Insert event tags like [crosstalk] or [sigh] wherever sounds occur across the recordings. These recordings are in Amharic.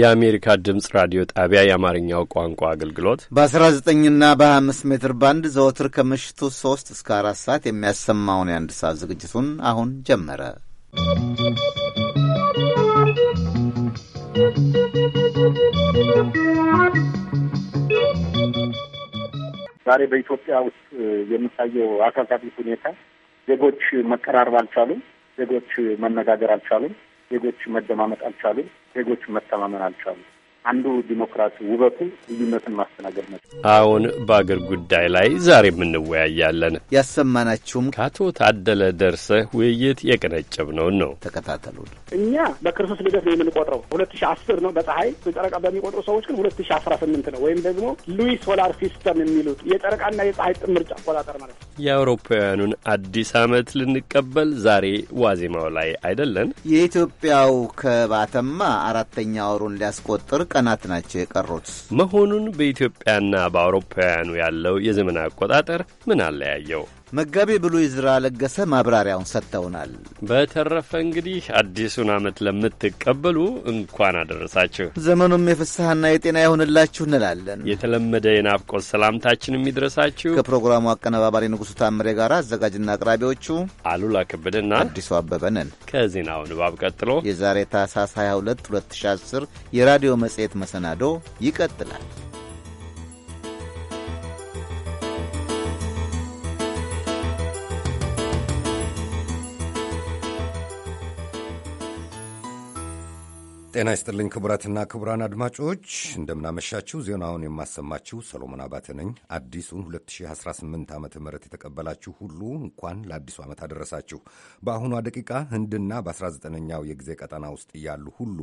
የአሜሪካ ድምፅ ራዲዮ ጣቢያ የአማርኛው ቋንቋ አገልግሎት በ19ና በ25 ሜትር ባንድ ዘወትር ከምሽቱ 3 እስከ 4 ሰዓት የሚያሰማውን የአንድ ሰዓት ዝግጅቱን አሁን ጀመረ። ዛሬ በኢትዮጵያ ውስጥ የሚታየው አሳሳቢ ሁኔታ ዜጎች መቀራረብ አልቻሉም። ዜጎች መነጋገር አልቻሉም። ዜጎች መደማመጥ አልቻሉም። ዜጎቹን መተማመን አልቻሉም። አንዱ ዲሞክራሲ ውበቱ ልዩነትን ማስተናገድ ነው። አሁን በአገር ጉዳይ ላይ ዛሬ የምንወያያለን ያሰማናችሁም ከአቶ ታደለ ደርሰህ ውይይት የቀነጨብ ነው ነው። ተከታተሉ። እኛ በክርስቶስ ልደት ነው የምንቆጥረው ሁለት ሺ አስር ነው በፀሐይ በጨረቃ በሚቆጥሩ ሰዎች ግን ሁለት ሺ አስራ ስምንት ነው ወይም ደግሞ ሉዊ ሶላር ሲስተም የሚሉት የጨረቃና የፀሐይ ጥምር አቆጣጠር ማለት ነው። የአውሮፓውያኑን አዲስ ዓመት ልንቀበል ዛሬ ዋዜማው ላይ አይደለን። የኢትዮጵያው ከባተማ አራተኛ ወሩን ሊያስቆጥር ቀናት ናቸው የቀሩት መሆኑን በኢትዮጵያና በአውሮፓውያኑ ያለው የዘመን አቆጣጠር ምን አለያየው? መጋቢ ብሉይ ይዝራ ለገሰ ማብራሪያውን ሰጥተውናል። በተረፈ እንግዲህ አዲሱን ዓመት ለምትቀበሉ እንኳን አደረሳችሁ፣ ዘመኑም የፍስሐና የጤና ይሆንላችሁ እንላለን። የተለመደ የናፍቆት ሰላምታችን የሚድረሳችሁ ከፕሮግራሙ አቀነባባሪ ንጉሡ ታምሬ ጋር አዘጋጅና አቅራቢዎቹ አሉላ ከበደና አዲሱ አበበ ነን። ከዜናው ንባብ ቀጥሎ የዛሬ ታህሳስ 22 2010 የራዲዮ መጽሔት መሰናዶ ይቀጥላል። ጤና ይስጥልኝ ክቡራትና ክቡራን አድማጮች እንደምናመሻችሁ። ዜናውን የማሰማችሁ ሰሎሞን አባተ ነኝ። አዲሱን 2018 ዓ ም የተቀበላችሁ ሁሉ እንኳን ለአዲሱ ዓመት አደረሳችሁ። በአሁኗ ደቂቃ ህንድና በ19ኛው የጊዜ ቀጠና ውስጥ እያሉ ሁሉ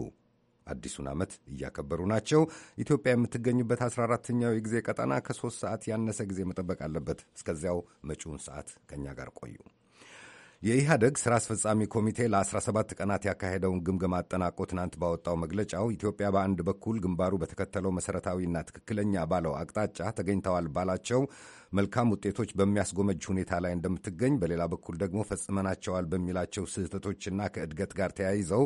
አዲሱን ዓመት እያከበሩ ናቸው። ኢትዮጵያ የምትገኝበት 14ኛው የጊዜ ቀጠና ከሶስት ሰዓት ያነሰ ጊዜ መጠበቅ አለበት። እስከዚያው መጪውን ሰዓት ከእኛ ጋር ቆዩ። የኢህአደግ ስራ አስፈጻሚ ኮሚቴ ለ17 ቀናት ያካሄደውን ግምገማ አጠናቆ ትናንት ባወጣው መግለጫው ኢትዮጵያ በአንድ በኩል ግንባሩ በተከተለው መሰረታዊና ትክክለኛ ባለው አቅጣጫ ተገኝተዋል ባላቸው መልካም ውጤቶች በሚያስጎመጅ ሁኔታ ላይ እንደምትገኝ፣ በሌላ በኩል ደግሞ ፈጽመናቸዋል በሚላቸው ስህተቶችና ከእድገት ጋር ተያይዘው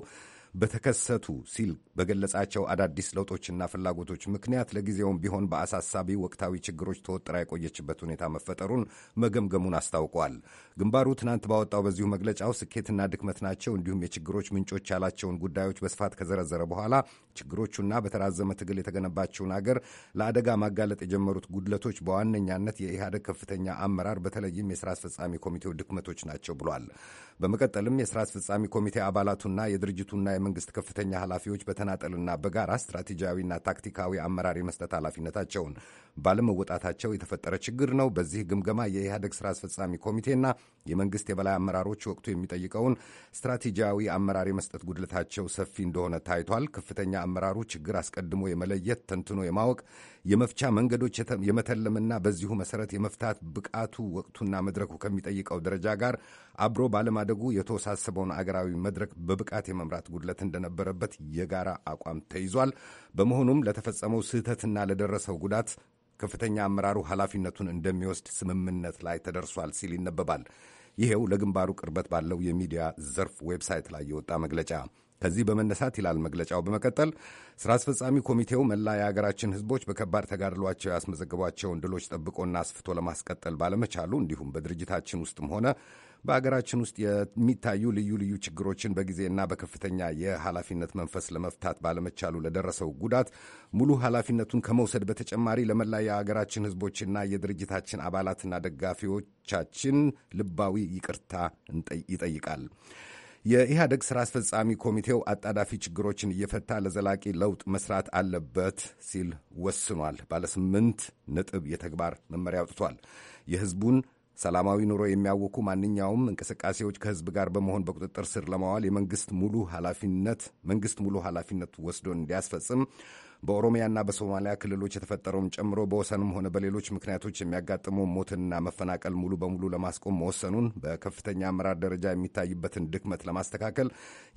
በተከሰቱ ሲል በገለጻቸው አዳዲስ ለውጦችና ፍላጎቶች ምክንያት ለጊዜውም ቢሆን በአሳሳቢ ወቅታዊ ችግሮች ተወጥራ የቆየችበት ሁኔታ መፈጠሩን መገምገሙን አስታውቋል። ግንባሩ ትናንት ባወጣው በዚሁ መግለጫው ስኬትና ድክመት ናቸው እንዲሁም የችግሮች ምንጮች ያላቸውን ጉዳዮች በስፋት ከዘረዘረ በኋላ ችግሮቹና በተራዘመ ትግል የተገነባቸውን አገር ለአደጋ ማጋለጥ የጀመሩት ጉድለቶች በዋነኛነት የኢህአደግ ከፍተኛ አመራር በተለይም የስራ አስፈጻሚ ኮሚቴው ድክመቶች ናቸው ብሏል። በመቀጠልም የስራ አስፈጻሚ ኮሚቴ አባላቱና የድርጅቱና መንግስት ከፍተኛ ኃላፊዎች በተናጠልና በጋራ ስትራቴጂያዊና ታክቲካዊ አመራር የመስጠት ኃላፊነታቸውን ባለመወጣታቸው የተፈጠረ ችግር ነው። በዚህ ግምገማ የኢህአደግ ስራ አስፈጻሚ ኮሚቴና የመንግስት የበላይ አመራሮች ወቅቱ የሚጠይቀውን ስትራቴጂያዊ አመራር የመስጠት ጉድለታቸው ሰፊ እንደሆነ ታይቷል። ከፍተኛ አመራሩ ችግር አስቀድሞ የመለየት ተንትኖ የማወቅ የመፍቻ መንገዶች የመተለምና በዚሁ መሰረት የመፍታት ብቃቱ ወቅቱና መድረኩ ከሚጠይቀው ደረጃ ጋር አብሮ ባለማደጉ የተወሳሰበውን አገራዊ መድረክ በብቃት የመምራት ጉድለት እንደነበረበት የጋራ አቋም ተይዟል። በመሆኑም ለተፈጸመው ስህተትና ለደረሰው ጉዳት ከፍተኛ አመራሩ ኃላፊነቱን እንደሚወስድ ስምምነት ላይ ተደርሷል ሲል ይነበባል። ይሄው ለግንባሩ ቅርበት ባለው የሚዲያ ዘርፍ ዌብሳይት ላይ የወጣ መግለጫ። ከዚህ በመነሳት ይላል መግለጫው በመቀጠል ስራ አስፈጻሚ ኮሚቴው መላ የሀገራችን ህዝቦች በከባድ ተጋድሏቸው ያስመዘግቧቸውን ድሎች ጠብቆና አስፍቶ ለማስቀጠል ባለመቻሉ እንዲሁም በድርጅታችን ውስጥም ሆነ በአገራችን ውስጥ የሚታዩ ልዩ ልዩ ችግሮችን በጊዜና በከፍተኛ የኃላፊነት መንፈስ ለመፍታት ባለመቻሉ ለደረሰው ጉዳት ሙሉ ኃላፊነቱን ከመውሰድ በተጨማሪ ለመላ የአገራችን ሕዝቦችና የድርጅታችን አባላትና ደጋፊዎቻችን ልባዊ ይቅርታ ይጠይቃል። የኢህአደግ ስራ አስፈጻሚ ኮሚቴው አጣዳፊ ችግሮችን እየፈታ ለዘላቂ ለውጥ መስራት አለበት ሲል ወስኗል። ባለ ስምንት ነጥብ የተግባር መመሪያ አውጥቷል። የህዝቡን ሰላማዊ ኑሮ የሚያውኩ ማንኛውም እንቅስቃሴዎች ከህዝብ ጋር በመሆን በቁጥጥር ስር ለማዋል የመንግስት ሙሉ ኃላፊነት መንግስት ሙሉ ኃላፊነት ወስዶ እንዲያስፈጽም በኦሮሚያና በሶማሊያ ክልሎች የተፈጠረውን ጨምሮ በወሰንም ሆነ በሌሎች ምክንያቶች የሚያጋጥሙ ሞትና መፈናቀል ሙሉ በሙሉ ለማስቆም መወሰኑን በከፍተኛ አመራር ደረጃ የሚታይበትን ድክመት ለማስተካከል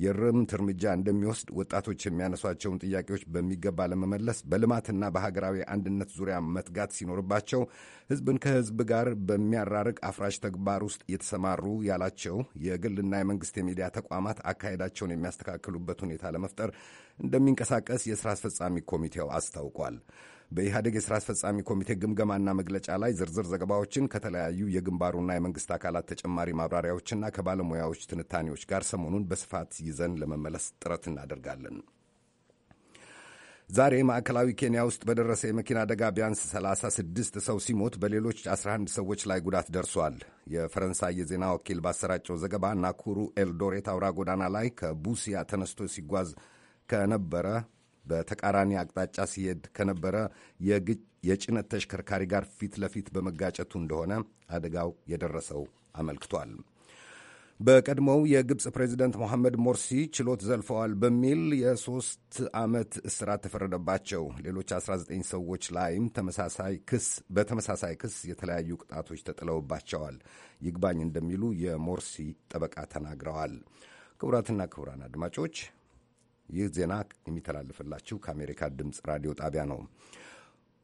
የርምት እርምጃ እንደሚወስድ ወጣቶች የሚያነሷቸውን ጥያቄዎች በሚገባ ለመመለስ በልማትና በሀገራዊ አንድነት ዙሪያ መትጋት ሲኖርባቸው ህዝብን ከህዝብ ጋር በሚያራርቅ አፍራሽ ተግባር ውስጥ የተሰማሩ ያላቸው የግልና የመንግስት የሚዲያ ተቋማት አካሄዳቸውን የሚያስተካክሉበት ሁኔታ ለመፍጠር እንደሚንቀሳቀስ የሥራ አስፈጻሚ ኮሚቴው አስታውቋል። በኢህአዴግ የሥራ አስፈጻሚ ኮሚቴ ግምገማና መግለጫ ላይ ዝርዝር ዘገባዎችን ከተለያዩ የግንባሩና የመንግስት አካላት ተጨማሪ ማብራሪያዎችና ከባለሙያዎች ትንታኔዎች ጋር ሰሞኑን በስፋት ይዘን ለመመለስ ጥረት እናደርጋለን። ዛሬ ማዕከላዊ ኬንያ ውስጥ በደረሰ የመኪና አደጋ ቢያንስ 36 ሰው ሲሞት በሌሎች 11 ሰዎች ላይ ጉዳት ደርሷል። የፈረንሳይ የዜና ወኪል ባሰራጨው ዘገባ ናኩሩ ኤልዶሬት አውራ ጎዳና ላይ ከቡሲያ ተነስቶ ሲጓዝ ከነበረ በተቃራኒ አቅጣጫ ሲሄድ ከነበረ የጭነት ተሽከርካሪ ጋር ፊት ለፊት በመጋጨቱ እንደሆነ አደጋው የደረሰው አመልክቷል። በቀድሞው የግብፅ ፕሬዚደንት መሐመድ ሞርሲ ችሎት ዘልፈዋል በሚል የሶስት ዓመት እስራት ተፈረደባቸው። ሌሎች 19 ሰዎች ላይም ተመሳሳይ ክስ በተመሳሳይ ክስ የተለያዩ ቅጣቶች ተጥለውባቸዋል። ይግባኝ እንደሚሉ የሞርሲ ጠበቃ ተናግረዋል። ክቡራትና ክቡራን አድማጮች ይህ ዜና የሚተላለፍላችሁ ከአሜሪካ ድምፅ ራዲዮ ጣቢያ ነው።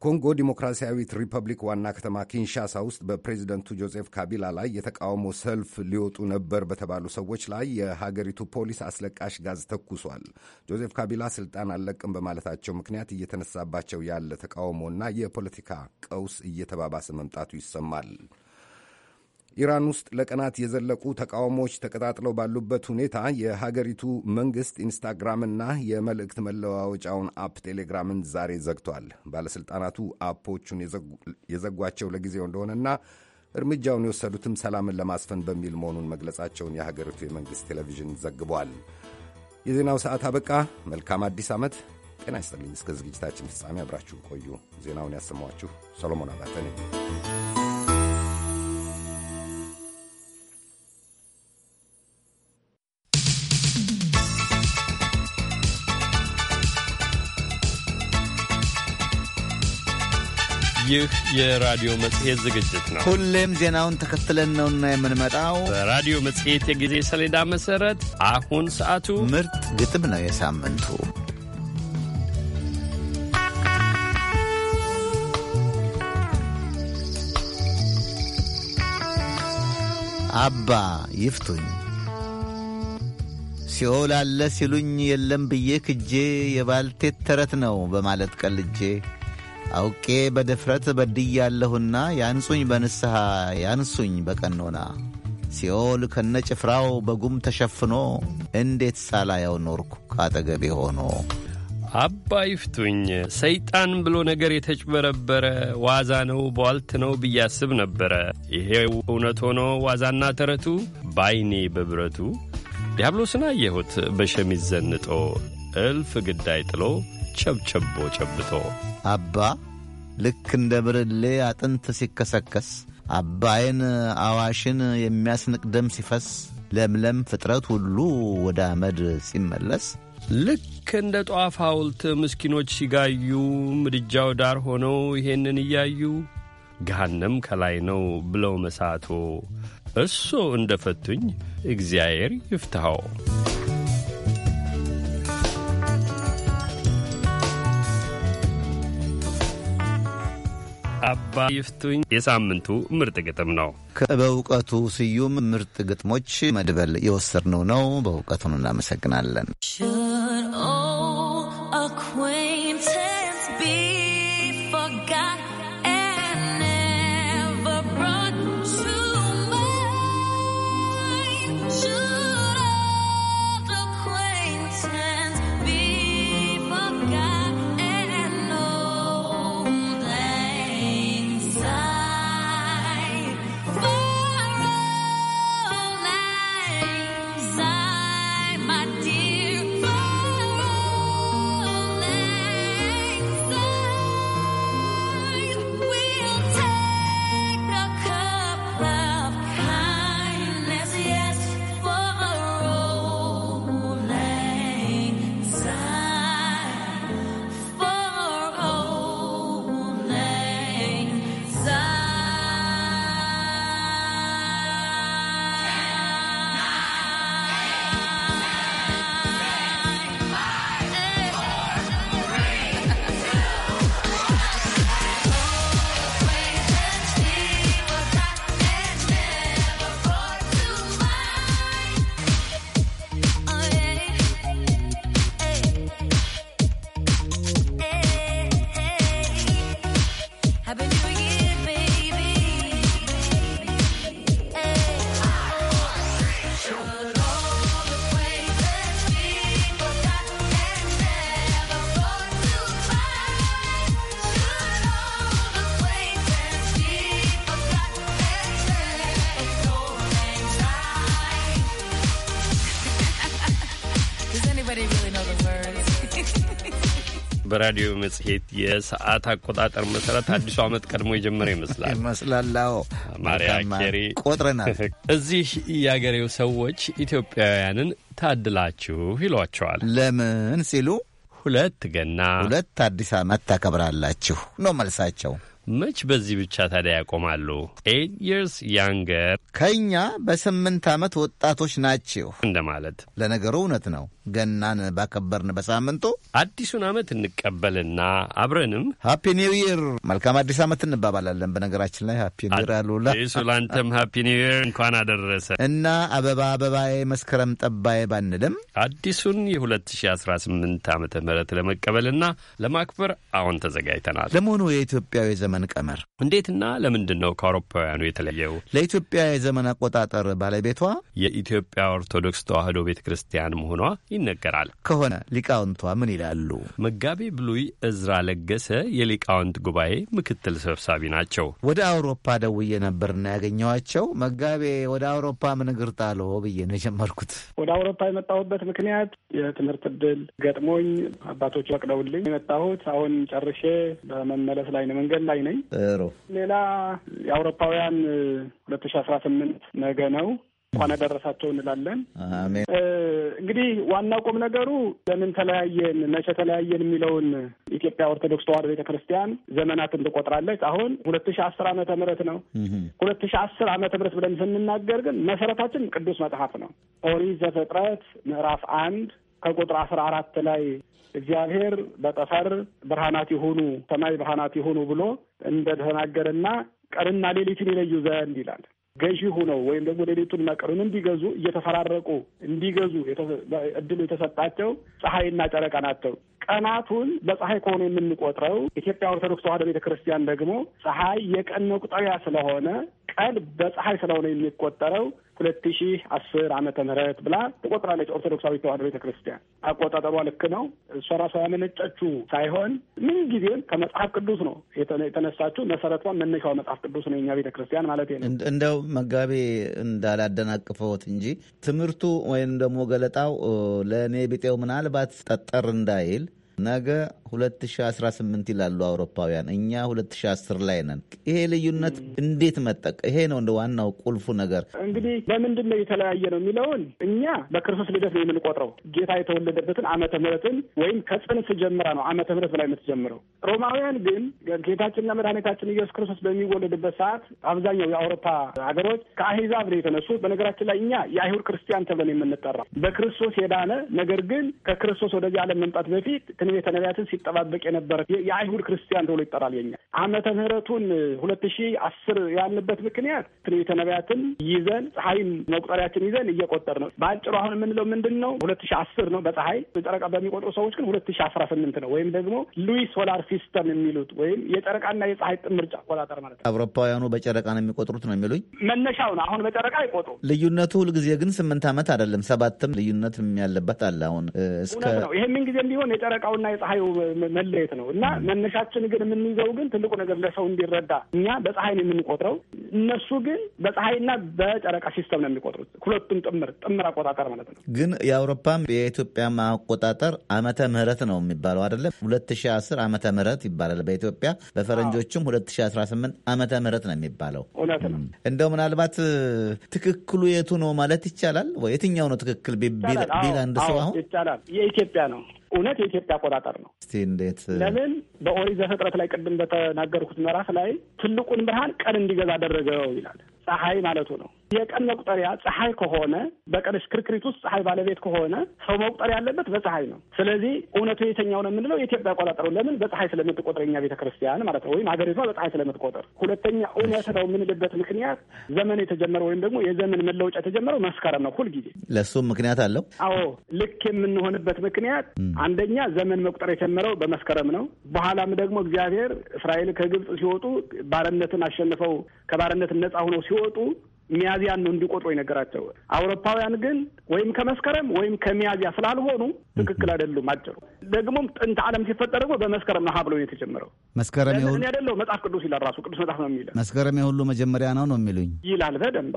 ኮንጎ ዲሞክራሲያዊት ሪፐብሊክ ዋና ከተማ ኪንሻሳ ውስጥ በፕሬዚደንቱ ጆዜፍ ካቢላ ላይ የተቃውሞ ሰልፍ ሊወጡ ነበር በተባሉ ሰዎች ላይ የሀገሪቱ ፖሊስ አስለቃሽ ጋዝ ተኩሷል። ጆዜፍ ካቢላ ስልጣን አልለቅም በማለታቸው ምክንያት እየተነሳባቸው ያለ ተቃውሞና የፖለቲካ ቀውስ እየተባባሰ መምጣቱ ይሰማል። ኢራን ውስጥ ለቀናት የዘለቁ ተቃውሞዎች ተቀጣጥለው ባሉበት ሁኔታ የሀገሪቱ መንግስት ኢንስታግራምና የመልእክት መለዋወጫውን አፕ ቴሌግራምን ዛሬ ዘግቷል። ባለሥልጣናቱ አፖቹን የዘጓቸው ለጊዜው እንደሆነና እርምጃውን የወሰዱትም ሰላምን ለማስፈን በሚል መሆኑን መግለጻቸውን የሀገሪቱ የመንግሥት ቴሌቪዥን ዘግቧል። የዜናው ሰዓት አበቃ። መልካም አዲስ ዓመት። ጤና ይስጥልኝ። እስከ ዝግጅታችን ፍጻሜ አብራችሁ ቆዩ። ዜናውን ያሰማኋችሁ ሰሎሞን አባተ ነኝ። ይህ የራዲዮ መጽሔት ዝግጅት ነው። ሁሌም ዜናውን ተከትለን ነውና የምንመጣው። በራዲዮ መጽሔት የጊዜ ሰሌዳ መሰረት አሁን ሰዓቱ ምርጥ ግጥም ነው። የሳምንቱ አባ ይፍቱኝ ሲኦል አለ ሲሉኝ የለም ብዬ ክጄ የባልቴት ተረት ነው በማለት ቀልጄ አውቄ በድፍረት በድያለሁና ያንሱኝ በንስሐ ያንሱኝ በቀኖና ሲኦል ከነ ጭፍራው በጉም ተሸፍኖ እንዴት ሳላየው ኖርኩ ካጠገቤ ሆኖ። አባ ይፍቱኝ ሰይጣን ብሎ ነገር የተጭበረበረ ዋዛ ነው ቧልት ነው ብያስብ ነበረ። ይሄ እውነት ሆኖ ዋዛና ተረቱ ባይኔ በብረቱ ዲያብሎስን አየሁት በሸሚዝ ዘንጦ እልፍ ግዳይ ጥሎ ቸብቸቦ ጨብቶ አባ ልክ እንደ ብርሌ አጥንት ሲከሰከስ አባይን አዋሽን የሚያስንቅ ደም ሲፈስ ለምለም ፍጥረት ሁሉ ወደ አመድ ሲመለስ ልክ እንደ ጧፍ ሐውልት ምስኪኖች ሲጋዩ ምድጃው ዳር ሆነው ይሄንን እያዩ ገሃነም ከላይ ነው ብለው መሳቶ እሶ እንደ ፈቱኝ እግዚአብሔር ይፍትሐው። አባ ይፍቱኝ የሳምንቱ ምርጥ ግጥም ነው። በእውቀቱ ስዩም ምርጥ ግጥሞች መድበል የወሰድነው ነው። በእውቀቱን እናመሰግናለን። በራዲዮ መጽሔት የሰዓት አቆጣጠር መሰረት አዲሱ ዓመት ቀድሞ የጀመረ ይመስላል ይመስላላው ማሪያ ኬሪ ቆጥረናል። [laughs] እዚህ የአገሬው ሰዎች ኢትዮጵያውያንን ታድላችሁ ይሏቸዋል። ለምን ሲሉ ሁለት ገና ሁለት አዲስ ዓመት ታከብራላችሁ ነው መልሳቸው። መች በዚህ ብቻ ታዲያ ያቆማሉ? ኤይት የርስ ያንገር ከእኛ በስምንት ዓመት ወጣቶች ናቸው እንደማለት። ለነገሩ እውነት ነው። ገናን ባከበርን በሳምንቱ አዲሱን ዓመት እንቀበልና አብረንም ሃፒ ኒው ይር፣ መልካም አዲስ ዓመት እንባባላለን። በነገራችን ላይ ሃፒ ኒው ይር አሉላ እሱ ላንተም ሃፒ ኒው ይር እንኳን አደረሰ እና አበባ አበባዬ መስከረም ጠባዬ ባንልም አዲሱን የ2018 ዓመተ ምህረት ለመቀበልና ለማክበር አሁን ተዘጋጅተናል። ለመሆኑ የኢትዮጵያዊ ዘመን የዘመን ቀመር። እንዴትና ለምንድን ነው ከአውሮፓውያኑ የተለየው? ለኢትዮጵያ የዘመን አቆጣጠር ባለቤቷ የኢትዮጵያ ኦርቶዶክስ ተዋሕዶ ቤተ ክርስቲያን መሆኗ ይነገራል። ከሆነ ሊቃውንቷ ምን ይላሉ? መጋቤ ብሉይ እዝራ ለገሰ የሊቃውንት ጉባኤ ምክትል ሰብሳቢ ናቸው። ወደ አውሮፓ ደውዬ ነበርና ያገኘኋቸው መጋቤ ወደ አውሮፓ ምን እግር ጣሎ ብዬ ነው የጀመርኩት። ወደ አውሮፓ የመጣሁበት ምክንያት የትምህርት እድል ገጥሞኝ አባቶች ፈቅደውልኝ የመጣሁት አሁን ጨርሼ በመመለስ ላይ ነው፣ መንገድ ላይ ነኝ። ሌላ የአውሮፓውያን ሁለት ሺ አስራ ስምንት ነገ ነው። እንኳን አደረሳቸው እንላለን። እንግዲህ ዋናው ቁም ነገሩ ለምን ተለያየን፣ መቼ ተለያየን የሚለውን ኢትዮጵያ ኦርቶዶክስ ተዋሕዶ ቤተ ክርስቲያን ዘመናትን ትቆጥራለች። አሁን ሁለት ሺ አስር ዓመተ ምህረት ነው። ሁለት ሺ አስር ዓመተ ምህረት ብለን ስንናገር ግን መሰረታችን ቅዱስ መጽሐፍ ነው። ኦሪት ዘፍጥረት ምዕራፍ አንድ ከቁጥር አስራ አራት ላይ እግዚአብሔር በጠፈር ብርሃናት ይሁኑ ሰማይ ብርሃናት ይሁኑ ብሎ እንደተናገረና ቀንና ሌሊትን ይለዩ ዘንድ ይላል። ገዢ ሁነው ወይም ደግሞ ሌሊቱንና ቀኑን እንዲገዙ እየተፈራረቁ እንዲገዙ እድሉ የተሰጣቸው ፀሐይና ጨረቃ ናቸው። ቀናቱን በፀሐይ ከሆነ የምንቆጥረው ኢትዮጵያ ኦርቶዶክስ ተዋህዶ ቤተ ክርስቲያን ደግሞ ፀሐይ የቀን መቁጠሪያ ስለሆነ ቀን በፀሐይ ስለሆነ የሚቆጠረው ሁለት ሺ አስር ዓመተ ምህረት ብላ ትቆጥራለች። ኦርቶዶክሳዊ ተዋህዶ ቤተ ክርስቲያን አቆጣጠሯ ልክ ነው። እሷ ራሷ ያመነጨችው ሳይሆን ምን ጊዜም ከመጽሐፍ ቅዱስ ነው የተነሳችው። መሰረቷ መነሻዋ መጽሐፍ ቅዱስ ነው የኛ ቤተ ክርስቲያን ማለት ነው። እንደው መጋቤ እንዳላደናቅፈውት እንጂ ትምህርቱ ወይም ደግሞ ገለጣው ለእኔ ቢጤው ምናልባት ጠጠር እንዳይል ነገ 2018 ይላሉ አውሮፓውያን፣ እኛ 2010 ላይ ነን። ይሄ ልዩነት እንዴት መጠቀ ይሄ ነው እንደ ዋናው ቁልፉ ነገር። እንግዲህ ለምንድን ነው የተለያየ ነው የሚለውን እኛ በክርስቶስ ልደት ነው የምንቆጥረው። ጌታ የተወለደበትን ዓመተ ምሕረትን ወይም ከጽንስ ጀምራ ነው ዓመተ ምሕረት በላይ የምትጀምረው። ሮማውያን ግን ጌታችንና መድኃኒታችን ኢየሱስ ክርስቶስ በሚወለድበት ሰዓት አብዛኛው የአውሮፓ ሀገሮች ከአህዛብ ነው የተነሱ። በነገራችን ላይ እኛ የአይሁድ ክርስቲያን ተብለን የምንጠራው በክርስቶስ የዳነ ነገር ግን ከክርስቶስ ወደዚህ ዓለም መምጣት በፊት ቤተ ነቢያትን ሲጠባበቅ የነበረ የአይሁድ ክርስቲያን ተብሎ ይጠራል። የኛ አመተ ምህረቱን ሁለት ሺ አስር ያልንበት ምክንያት ቤተ ነቢያትን ይዘን ፀሐይም መቁጠሪያችን ይዘን እየቆጠር ነው። በአጭሩ አሁን የምንለው ምንድን ነው? ሁለት ሺ አስር ነው በፀሐይ ጨረቃ በሚቆጥሩ ሰዎች ግን ሁለት ሺ አስራ ስምንት ነው ወይም ደግሞ ሉዊ ሶላር ሲስተም የሚሉት ወይም የጨረቃና የፀሐይ ጥምርጫ አቆጣጠር ማለት ነው። አውሮፓውያኑ በጨረቃ ነው የሚቆጥሩት ነው የሚሉኝ መነሻው ነው። አሁን በጨረቃ አይቆጥሩ ልዩነቱ ሁልጊዜ ግን ስምንት አመት አይደለም ሰባትም ልዩነት ያለበት አለ። አሁን እስከ ነው ምን ጊዜ ቢሆን የጨረቃው የጨረቃውና የፀሐዩ መለየት ነው እና መነሻችን ግን የምንይዘው ግን ትልቁ ነገር ለሰው እንዲረዳ እኛ በፀሐይ ነው የምንቆጥረው፣ እነሱ ግን በፀሐይና በጨረቃ ሲስተም ነው የሚቆጥሩት። ሁለቱም ጥምር ጥምር አቆጣጠር ማለት ነው። ግን የአውሮፓም የኢትዮጵያም አቆጣጠር አመተ ምህረት ነው የሚባለው አይደለም? ሁለት ሺ አስር አመተ ምህረት ይባላል በኢትዮጵያ በፈረንጆቹም ሁለት ሺ አስራ ስምንት ዓመተ ምህረት ነው የሚባለው። እውነት ነው። እንደው ምናልባት ትክክሉ የቱ ነው ማለት ይቻላል ወይ? የትኛው ነው ትክክል ቢል አንድ ሰው አሁን ይቻላል የኢትዮጵያ ነው እውነት የኢትዮጵያ አቆጣጠር ነው። እስቲ እንዴት ለምን በኦሪት ዘፍጥረት ላይ ቅድም በተናገርኩት ምዕራፍ ላይ ትልቁን ብርሃን ቀን እንዲገዛ አደረገው ይላል። ፀሐይ ማለቱ ነው። የቀን መቁጠሪያ ፀሐይ ከሆነ በቀን ሽክርክሪት ውስጥ ፀሐይ ባለቤት ከሆነ ሰው መቁጠር ያለበት በፀሐይ ነው። ስለዚህ እውነቱ የተኛው ነው የምንለው የኢትዮጵያ አቆጣጠር ለምን በፀሐይ ስለምትቆጥር እኛ ቤተ ክርስቲያን ማለት ነው ወይም ሀገሪቷ በፀሐይ ስለምትቆጥር። ሁለተኛ እውነት ነው የምንልበት ምክንያት ዘመን የተጀመረው ወይም ደግሞ የዘመን መለወጫ የተጀመረው መስከረም ነው ሁልጊዜ። ለእሱም ምክንያት አለው። አዎ ልክ የምንሆንበት ምክንያት አንደኛ ዘመን መቁጠር የጀመረው በመስከረም ነው። በኋላም ደግሞ እግዚአብሔር እስራኤል ከግብፅ ሲወጡ ባርነትን አሸንፈው ከባርነት ነፃ ሆነው ሲወጡ ሚያዚያን ነው እንዲቆጥሩ የነገራቸው። አውሮፓውያን ግን ወይም ከመስከረም ወይም ከሚያዚያ ስላልሆኑ ትክክል አይደሉም። አጭሩ ደግሞም ጥንት ዓለም ሲፈጠር ደግሞ በመስከረም ነው ብሎ የተጀመረው መስከረም ሁ ያደለው መጽሐፍ ቅዱስ ይላል ራሱ ቅዱስ መጽሐፍ ነው የሚለው መስከረም የሁሉ መጀመሪያ ነው ነው የሚሉኝ ይላል በደንብ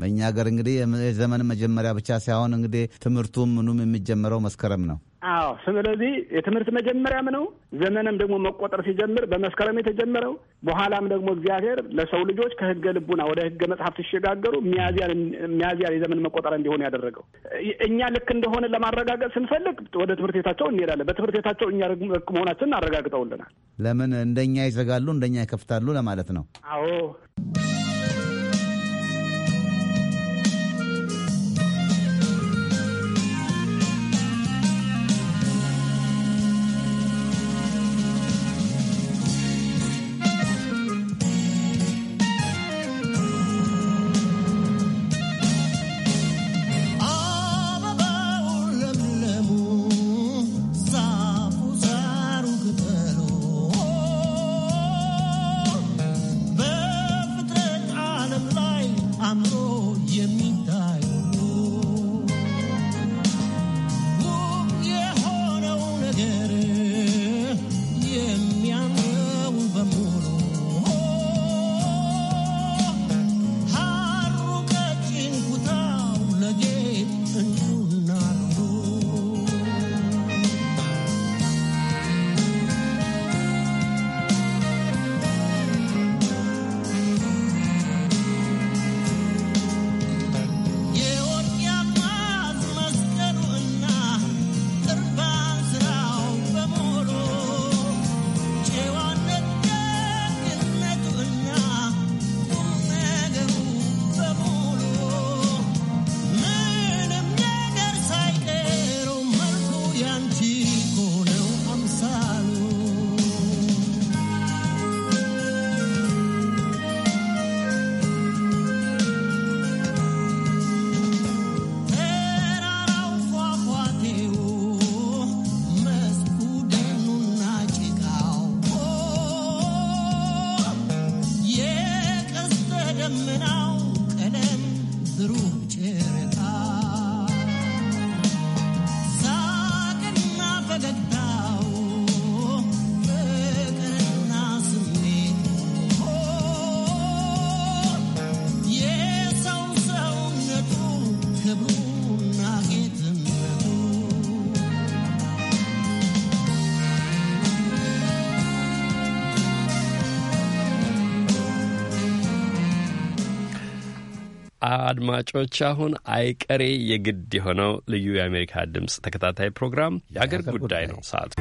በእኛ ሀገር እንግዲህ የዘመን መጀመሪያ ብቻ ሳይሆን እንግዲህ ትምህርቱም ምኑም የሚጀምረው መስከረም ነው። አዎ ስለዚህ የትምህርት መጀመሪያም ነው። ዘመንም ደግሞ መቆጠር ሲጀምር በመስከረም የተጀመረው በኋላም ደግሞ እግዚአብሔር ለሰው ልጆች ከህገ ልቡና ወደ ህገ መጽሐፍ ሲሸጋገሩ ሚያዝያን የዘመን መቆጠር እንዲሆን ያደረገው እኛ ልክ እንደሆነ ለማረጋገጥ ስንፈልግ ወደ ትምህርት ቤታቸው እንሄዳለን። በትምህርት ቤታቸው እኛ ልክ መሆናችንን አረጋግጠውልናል። ለምን እንደኛ ይዘጋሉ እንደኛ ይከፍታሉ ለማለት ነው። አዎ አድማጮች አሁን አይቀሬ የግድ የሆነው ልዩ የአሜሪካ ድምፅ ተከታታይ ፕሮግራም የአገር ጉዳይ ነው ሰዓቱ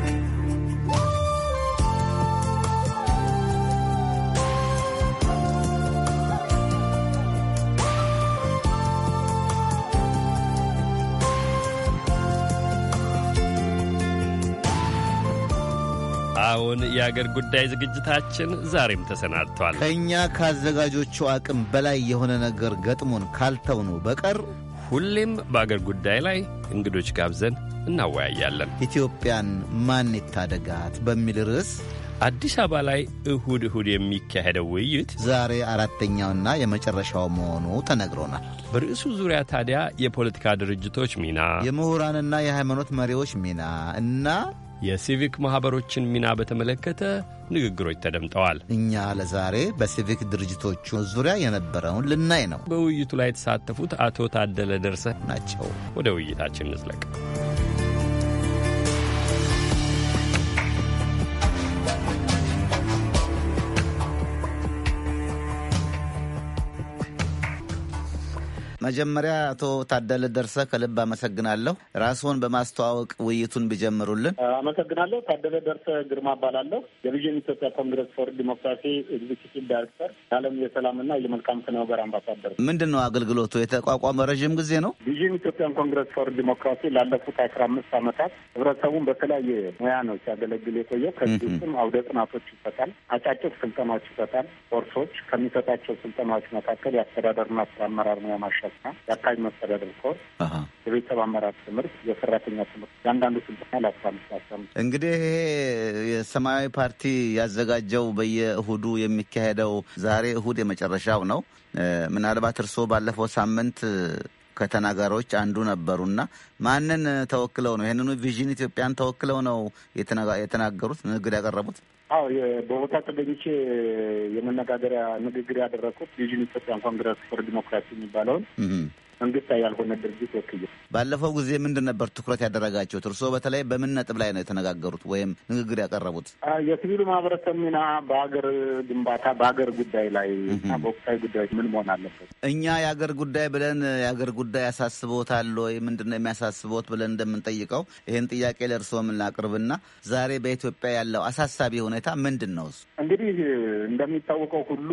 የሀገር ጉዳይ ዝግጅታችን ዛሬም ተሰናድቷል። ከእኛ ከአዘጋጆቹ አቅም በላይ የሆነ ነገር ገጥሞን ካልተውኑ በቀር ሁሌም በአገር ጉዳይ ላይ እንግዶች ጋብዘን እናወያያለን። ኢትዮጵያን ማን ይታደጋት በሚል ርዕስ አዲስ አበባ ላይ እሁድ እሁድ የሚካሄደው ውይይት ዛሬ አራተኛውና የመጨረሻው መሆኑ ተነግሮናል። በርዕሱ ዙሪያ ታዲያ የፖለቲካ ድርጅቶች ሚና፣ የምሁራንና የሃይማኖት መሪዎች ሚና እና የሲቪክ ማኅበሮችን ሚና በተመለከተ ንግግሮች ተደምጠዋል። እኛ ለዛሬ በሲቪክ ድርጅቶቹ ዙሪያ የነበረውን ልናይ ነው። በውይይቱ ላይ የተሳተፉት አቶ ታደለ ደርሰ ናቸው። ወደ ውይይታችን እንዝለቅ። መጀመሪያ አቶ ታደለ ደርሰ ከልብ አመሰግናለሁ። ራስዎን በማስተዋወቅ ውይይቱን ቢጀምሩልን። አመሰግናለሁ። ታደለ ደርሰ ግርማ እባላለሁ። የቪዥን ኢትዮጵያ ኮንግረስ ፎር ዲሞክራሲ ኤግዚኪቲቭ ዳይሬክተር፣ የዓለም የሰላምና የመልካም ስነ ወገር አምባሳደር። ምንድን ነው አገልግሎቱ? የተቋቋመ ረዥም ጊዜ ነው? ቪዥን ኢትዮጵያን ኮንግረስ ፎር ዲሞክራሲ ላለፉት አስራ አምስት ዓመታት ህብረተሰቡን በተለያየ ሙያ ነው ሲያገለግል የቆየው። ከዚህ ውስጥም አውደ ጥናቶች ይሰጣል፣ አጫጭር ስልጠናዎች ይሰጣል። ኮርሶች ከሚሰጣቸው ስልጠናዎች መካከል የአስተዳደርና ስራ አመራር ሙያ ማሻሻል ስልጠና፣ የአካባቢ መስተዳደር ኮርስ፣ የቤተሰብ አመራር ትምህርት፣ የሰራተኛ ትምህርት የአንዳንዱ ስልጠና ለአስራ አምስት አስራ አምስት እንግዲህ ይሄ የሰማያዊ ፓርቲ ያዘጋጀው በየእሁዱ የሚካሄደው ዛሬ እሁድ የመጨረሻው ነው። ምናልባት እርስዎ ባለፈው ሳምንት ከተናጋሪዎች አንዱ ነበሩና ማንን ተወክለው ነው ይህንኑ ቪዥን ኢትዮጵያን ተወክለው ነው የተናገሩት ንግግር ያቀረቡት? አዎ በቦታ ተገኝቼ የመነጋገሪያ ንግግር ያደረግኩት ቪዥን ኢትዮጵያን ኮንግረስ ፎር ዲሞክራሲ የሚባለውን መንግስታዊ ያልሆነ ድርጅት ወክዬ ባለፈው ጊዜ ምንድን ነበር ትኩረት ያደረጋችሁት? እርስዎ በተለይ በምን ነጥብ ላይ ነው የተነጋገሩት ወይም ንግግር ያቀረቡት? የሲቪሉ ማህበረሰብ ሚና በሀገር ግንባታ በሀገር ጉዳይ ላይ እና በወቅታዊ ጉዳዮች ምን መሆን አለበት? እኛ የሀገር ጉዳይ ብለን የሀገር ጉዳይ ያሳስቦታል ወይ ምንድን ነው የሚያሳስቦት ብለን እንደምንጠይቀው ይህን ጥያቄ ለእርስዎ ምን ላቅርብና ዛሬ በኢትዮጵያ ያለው አሳሳቢ ሁኔታ ምንድን ነው? እንግዲህ እንደሚታወቀው ሁሉ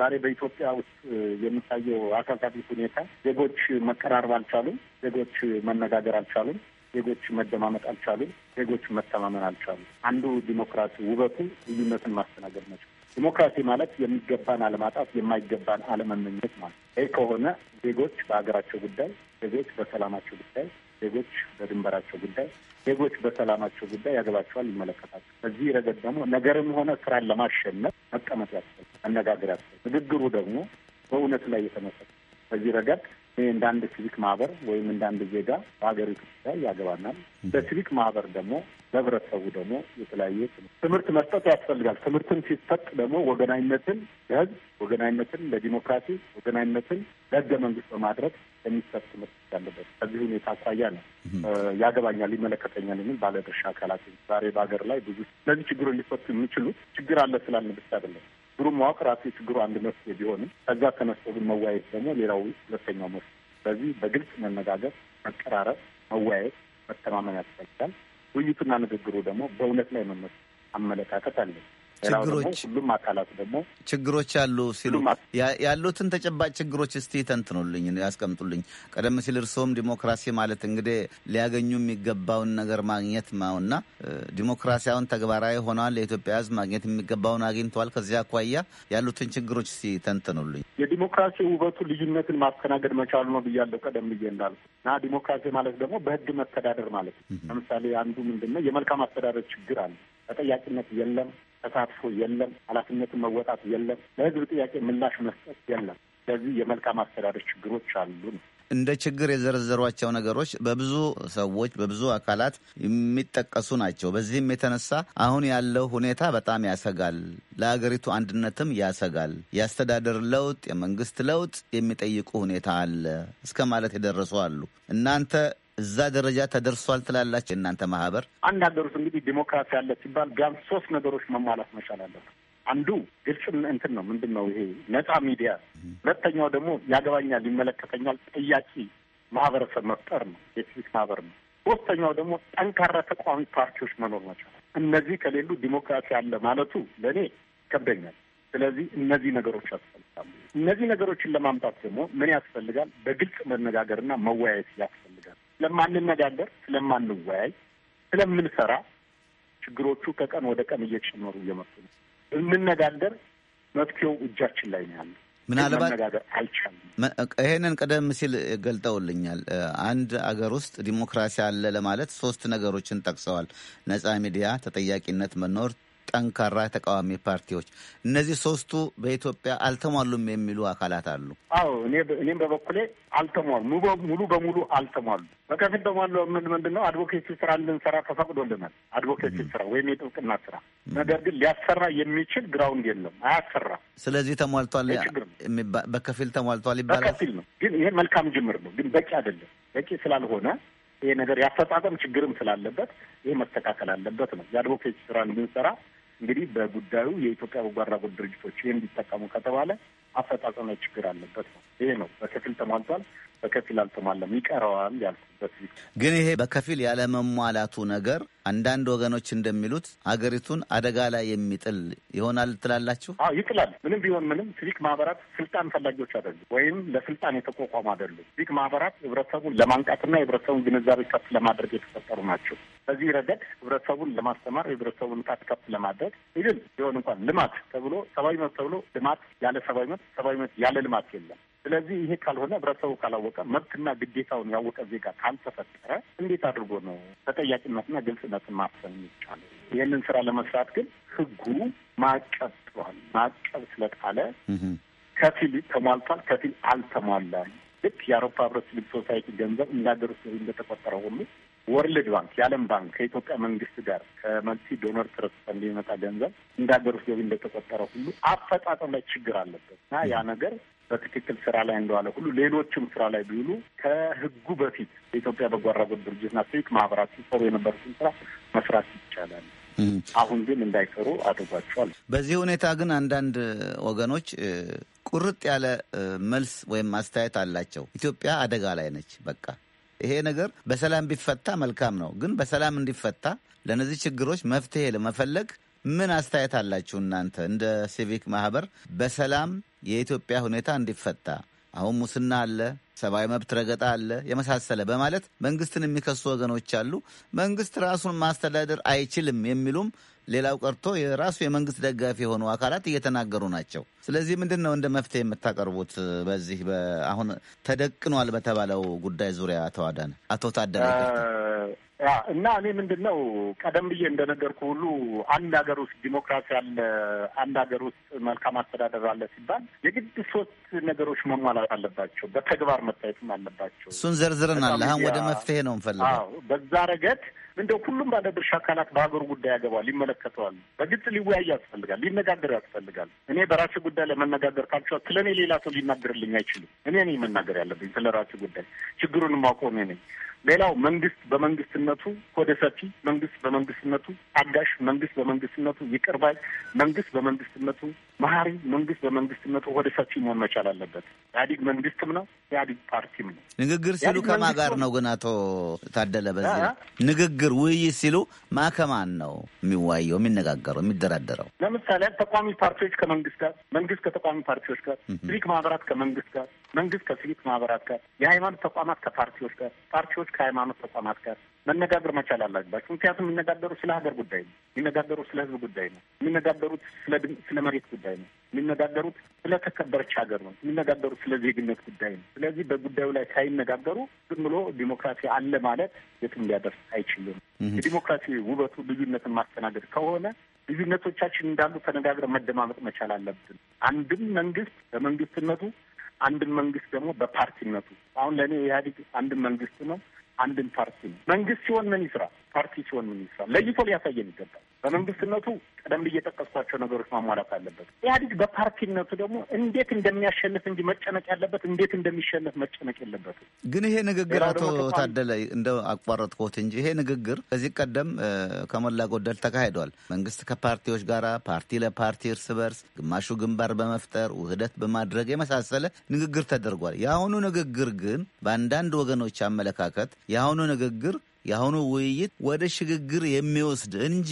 ዛሬ በኢትዮጵያ ውስጥ የሚታየው አሳሳቢ ሁኔታ ዜጎች መቀራረብ አልቻሉም። ዜጎች መነጋገር አልቻሉም። ዜጎች መደማመጥ አልቻሉም። ዜጎች መተማመን አልቻሉም። አንዱ ዲሞክራሲ ውበቱ ልዩነትን ማስተናገድ መች ዲሞክራሲ ማለት የሚገባን አለማጣት፣ የማይገባን አለመመኘት ማለት ይህ ከሆነ ዜጎች በሀገራቸው ጉዳይ፣ ዜጎች በሰላማቸው ጉዳይ፣ ዜጎች በድንበራቸው ጉዳይ፣ ዜጎች በሰላማቸው ጉዳይ ያገባቸዋል፣ ይመለከታቸው። በዚህ ረገድ ደግሞ ነገርም ሆነ ስራን ለማሸነፍ መቀመጥ ያስፈልጋል፣ መነጋገር ያስፈልጋል። ንግግሩ ደግሞ በእውነት ላይ የተመሰረተ በዚህ ረገድ እንደ አንድ ሲቪክ ማህበር ወይም እንደ አንድ ዜጋ በሀገሪቱ ጉዳይ ያገባናል። በሲቪክ ማህበር ደግሞ ለህብረተሰቡ ደግሞ የተለያየ ትምህርት መስጠት ያስፈልጋል። ትምህርትን ሲሰጥ ደግሞ ወገናዊነትን ለህዝብ፣ ወገናዊነትን ለዲሞክራሲ፣ ወገናዊነትን ለህገ መንግስት በማድረግ የሚሰጥ ትምህርት ያለበት ከዚህ ሁኔታ አኳያ ነው ያገባኛል፣ ይመለከተኛል የሚል ባለድርሻ አካላት ዛሬ በሀገር ላይ ብዙ ስለዚህ ችግሩን ሊፈቱ የሚችሉት ችግር አለ ስላልን ብቻ አይደለም ችግሩን ማወቅ ራሱ የችግሩ አንድ መፍትሄ ቢሆንም ከዛ ተነስቶ ግን መወያየት ደግሞ ሌላው ሁለተኛው መፍትሄ። ስለዚህ በግልጽ መነጋገር፣ መቀራረብ፣ መወያየት፣ መተማመን ያስፈልጋል። ውይይቱና ንግግሩ ደግሞ በእውነት ላይ መመስ አመለካከት አለን ችግሮች ሁሉም አካላት ደግሞ ችግሮች አሉ ሲሉ ያሉትን ተጨባጭ ችግሮች እስቲ ተንትኑልኝ፣ ያስቀምጡልኝ። ቀደም ሲል እርስዎም ዲሞክራሲ ማለት እንግዲህ ሊያገኙ የሚገባውን ነገር ማግኘት ማውና ዲሞክራሲያውን ተግባራዊ ሆኗል። ለኢትዮጵያ ሕዝብ ማግኘት የሚገባውን አግኝተዋል። ከዚያ አኳያ ያሉትን ችግሮች እስቲ ተንትኑልኝ። የዲሞክራሲ ውበቱ ልዩነትን ማስተናገድ መቻሉ ነው ብያለሁ ቀደም ብዬ እንዳሉ እና ዲሞክራሲ ማለት ደግሞ በህግ መተዳደር ማለት ነው። ለምሳሌ አንዱ ምንድን ነው የመልካም አስተዳደር ችግር አለ። ተጠያቂነት የለም። ተሳትፎ የለም። ኃላፊነትን መወጣት የለም። ለህዝብ ጥያቄ ምላሽ መስጠት የለም። ስለዚህ የመልካም አስተዳደር ችግሮች አሉ። እንደ ችግር የዘረዘሯቸው ነገሮች በብዙ ሰዎች በብዙ አካላት የሚጠቀሱ ናቸው። በዚህም የተነሳ አሁን ያለው ሁኔታ በጣም ያሰጋል፣ ለአገሪቱ አንድነትም ያሰጋል። የአስተዳደር ለውጥ፣ የመንግስት ለውጥ የሚጠይቁ ሁኔታ አለ እስከ ማለት የደረሱ አሉ። እናንተ እዛ ደረጃ ተደርሷል ትላላችሁ እናንተ ማህበር? አንድ ሀገር ውስጥ እንግዲህ ዲሞክራሲ አለ ሲባል ቢያንስ ሶስት ነገሮች መሟላት መቻል አለበት። አንዱ ግልጽ እንትን ነው ምንድን ነው ይሄ ነጻ ሚዲያ፣ ሁለተኛው ደግሞ ያገባኛል ይመለከተኛል ጥያቄ ማህበረሰብ መፍጠር ነው የሲቪክ ማህበር ነው። ሶስተኛው ደግሞ ጠንካራ ተቃዋሚ ፓርቲዎች መኖር መቻል። እነዚህ ከሌሉ ዲሞክራሲ አለ ማለቱ ለእኔ ይከብደኛል። ስለዚህ እነዚህ ነገሮች ያስፈልጋሉ። እነዚህ ነገሮችን ለማምጣት ደግሞ ምን ያስፈልጋል? በግልጽ መነጋገርና መወያየት ያስፈልጋል። ስለማንነጋገር፣ ስለማንወያይ፣ ስለምንሰራ ችግሮቹ ከቀን ወደ ቀን እየጨመሩ እየመጡ ነው። እንነጋገር፣ መፍትሄው እጃችን ላይ ነው ያለ ምናልባት ይሄንን ቀደም ሲል ገልጠውልኛል። አንድ አገር ውስጥ ዲሞክራሲ አለ ለማለት ሶስት ነገሮችን ጠቅሰዋል። ነጻ ሚዲያ፣ ተጠያቂነት መኖር ጠንካራ ተቃዋሚ ፓርቲዎች እነዚህ ሶስቱ በኢትዮጵያ አልተሟሉም የሚሉ አካላት አሉ። አዎ እኔም በበኩሌ አልተሟሉ ሙሉ በሙሉ አልተሟሉ። በከፊል ተሟሉ ምን ምንድን ነው? አድቮኬሲ ስራ እንድንሰራ ተፈቅዶልናል። አድቮኬሲ ስራ ወይም የጥብቅና ስራ፣ ነገር ግን ሊያሰራ የሚችል ግራውንድ የለም፣ አያሰራ። ስለዚህ ተሟልቷል በከፊል ተሟልቷል ይባላል። በከፊል ነው፣ ግን ይሄ መልካም ጅምር ነው፣ ግን በቂ አይደለም። በቂ ስላልሆነ ይሄ ነገር ያፈጻጸም ችግርም ስላለበት ይሄ መስተካከል አለበት ነው የአድቮኬሲ ስራ እንድንሰራ እንግዲህ በጉዳዩ የኢትዮጵያ በጎ አድራጎት ድርጅቶች ይህን እንዲጠቀሙ ከተባለ አፈጻጸም ችግር አለበት ነው። ይሄ ነው በከፊል ተሟልቷል፣ በከፊል አልተሟለም፣ ይቀረዋል ያልኩበት። ግን ይሄ በከፊል ያለመሟላቱ ነገር አንዳንድ ወገኖች እንደሚሉት አገሪቱን አደጋ ላይ የሚጥል ይሆናል ትላላችሁ? አዎ ይጥላል። ምንም ቢሆን ምንም ሲቪክ ማህበራት ስልጣን ፈላጊዎች አይደሉም፣ ወይም ለስልጣን የተቋቋሙ አይደሉም። ሲቪክ ማህበራት ህብረተሰቡን ለማንቃትና የህብረተሰቡን ግንዛቤ ከፍ ለማድረግ የተፈጠሩ ናቸው። በዚህ ረገድ ህብረተሰቡን ለማስተማር የህብረተሰቡን ጣት ከፍ ለማድረግ ይድል ቢሆን እንኳን ልማት ተብሎ ሰብአዊ መብት ተብሎ ልማት ያለ ሰብአዊ መብት ሰብአዊ መብት ያለ ልማት የለም። ስለዚህ ይሄ ካልሆነ ህብረተሰቡ ካላወቀ መብትና ግዴታውን ያወቀ ዜጋ ካልተፈጠረ እንዴት አድርጎ ነው ተጠያቂነትና ግልጽነትን ማስፈን የሚቻለው? ይህንን ስራ ለመስራት ግን ህጉ ማዕቀብ ጥሏል። ማዕቀብ ስለጣለ ከፊል ተሟልቷል፣ ከፊል አልተሟላም። ልክ የአውሮፓ ህብረት ሲቪል ሶሳይቲ ገንዘብ እንደ እንደተቆጠረ ሁሉ ወርልድ ባንክ የዓለም ባንክ ከኢትዮጵያ መንግስት ጋር ከመልቲ ዶነር ጥረት እንዲመጣ ገንዘብ እንደ ሀገር ውስጥ ገቢ እንደተቆጠረ ሁሉ አፈጣጠም ላይ ችግር አለበት እና ያ ነገር በትክክል ስራ ላይ እንደዋለ ሁሉ ሌሎችም ስራ ላይ ቢውሉ ከህጉ በፊት የኢትዮጵያ በጎ አድራጎት ድርጅትና ሲቪክ ማህበራት ሲሰሩ የነበሩትን ስራ መስራት ይቻላል። አሁን ግን እንዳይሰሩ አድርጓቸዋል። በዚህ ሁኔታ ግን አንዳንድ ወገኖች ቁርጥ ያለ መልስ ወይም አስተያየት አላቸው። ኢትዮጵያ አደጋ ላይ ነች፣ በቃ ይሄ ነገር በሰላም ቢፈታ መልካም ነው። ግን በሰላም እንዲፈታ ለእነዚህ ችግሮች መፍትሄ ለመፈለግ ምን አስተያየት አላችሁ እናንተ እንደ ሲቪክ ማህበር? በሰላም የኢትዮጵያ ሁኔታ እንዲፈታ አሁን ሙስና አለ፣ ሰብአዊ መብት ረገጣ አለ፣ የመሳሰለ በማለት መንግስትን የሚከሱ ወገኖች አሉ። መንግስት ራሱን ማስተዳደር አይችልም የሚሉም ሌላው ቀርቶ የራሱ የመንግስት ደጋፊ የሆኑ አካላት እየተናገሩ ናቸው። ስለዚህ ምንድን ነው እንደ መፍትሄ የምታቀርቡት በዚህ አሁን ተደቅኗል በተባለው ጉዳይ ዙሪያ? ተዋዳን አቶ ታደረ እና እኔ ምንድን ነው ቀደም ብዬ እንደነገርኩ ሁሉ አንድ ሀገር ውስጥ ዲሞክራሲ አለ፣ አንድ ሀገር ውስጥ መልካም አስተዳደር አለ ሲባል የግድ ሶስት ነገሮች መሟላት አለባቸው፣ በተግባር መታየትም አለባቸው። እሱን ዘርዝረናል። አሁን ወደ መፍትሄ ነው እንፈልገው። በዛ ረገድ እንደው ሁሉም ባለድርሻ አካላት በሀገሩ ጉዳይ ያገባል፣ ይመለከተዋል። በግልጽ ሊወያይ ያስፈልጋል፣ ሊነጋገር ያስፈልጋል። እኔ በራሴ ጉዳይ ለመነጋገር ካልቻልኩ ስለ እኔ ሌላ ሰው ሊናገርልኝ አይችልም። እኔ ነኝ መናገር ያለብኝ ስለ ራሴ ጉዳይ። ችግሩን የማውቀው እኔ ነኝ። ሌላው መንግስት በመንግስትነቱ ሆደ ሰፊ፣ መንግስት በመንግስትነቱ አጋሽ፣ መንግስት በመንግስትነቱ ይቅር ባይ፣ መንግስት በመንግስትነቱ መሀሪ፣ መንግስት በመንግስትነቱ ሆደ ሰፊ መሆን መቻል አለበት። ኢህአዲግ መንግስትም ነው፣ ኢህአዲግ ፓርቲም ነው። ንግግር ሲሉ ከማ ጋር ነው ግን አቶ ታደለ በዚህ ንግግር ውይይት ሲሉ ማከማን ነው የሚዋየው፣ የሚነጋገረው፣ የሚደራደረው ለምሳሌ ተቋሚ ፓርቲዎች ከመንግስት ጋር፣ መንግስት ከተቋሚ ፓርቲዎች ጋር፣ ሲቪክ ማህበራት ከመንግስት ጋር መንግስት ከሲቪክ ማህበራት ጋር፣ የሃይማኖት ተቋማት ከፓርቲዎች ጋር፣ ፓርቲዎች ከሃይማኖት ተቋማት ጋር መነጋገር መቻል አለባቸው። ምክንያቱም የሚነጋገሩ ስለ ሀገር ጉዳይ ነው። የሚነጋገሩ ስለ ህዝብ ጉዳይ ነው። የሚነጋገሩት ስለ መሬት ጉዳይ ነው። የሚነጋገሩት ስለ ተከበረች ሀገር ነው። የሚነጋገሩት ስለ ዜግነት ጉዳይ ነው። ስለዚህ በጉዳዩ ላይ ሳይነጋገሩ ዝም ብሎ ዲሞክራሲ አለ ማለት የትም ሊያደርስ አይችልም። የዲሞክራሲ ውበቱ ልዩነትን ማስተናገድ ከሆነ ልዩነቶቻችን እንዳሉ ተነጋግረን መደማመጥ መቻል አለብን። አንድም መንግስት በመንግስትነቱ አንድን መንግስት ደግሞ በፓርቲነቱ አሁን ለእኔ ኢህአዴግ አንድን መንግስት ነው አንድን ፓርቲ ነው። መንግስት ሲሆን ምን ይስራ፣ ፓርቲ ሲሆን ምን ይስራ ለይቶ ሊያሳየን ይገባል። በመንግስትነቱ ቀደም ብዬ የጠቀስኳቸው ነገሮች ማሟላት አለበት። ኢህአዲግ በፓርቲነቱ ደግሞ እንዴት እንደሚያሸንፍ እንጂ መጨነቅ ያለበት እንዴት እንደሚሸንፍ መጨነቅ የለበትም። ግን ይሄ ንግግር አቶ ታደለ እንደ አቋረጥኩት እንጂ ይሄ ንግግር ከዚህ ቀደም ከሞላ ጎደል ተካሂዷል። መንግስት ከፓርቲዎች ጋራ ፓርቲ ለፓርቲ እርስ በርስ ግማሹ ግንባር በመፍጠር ውህደት በማድረግ የመሳሰለ ንግግር ተደርጓል። የአሁኑ ንግግር ግን በአንዳንድ ወገኖች አመለካከት የአሁኑ ንግግር የአሁኑ ውይይት ወደ ሽግግር የሚወስድ እንጂ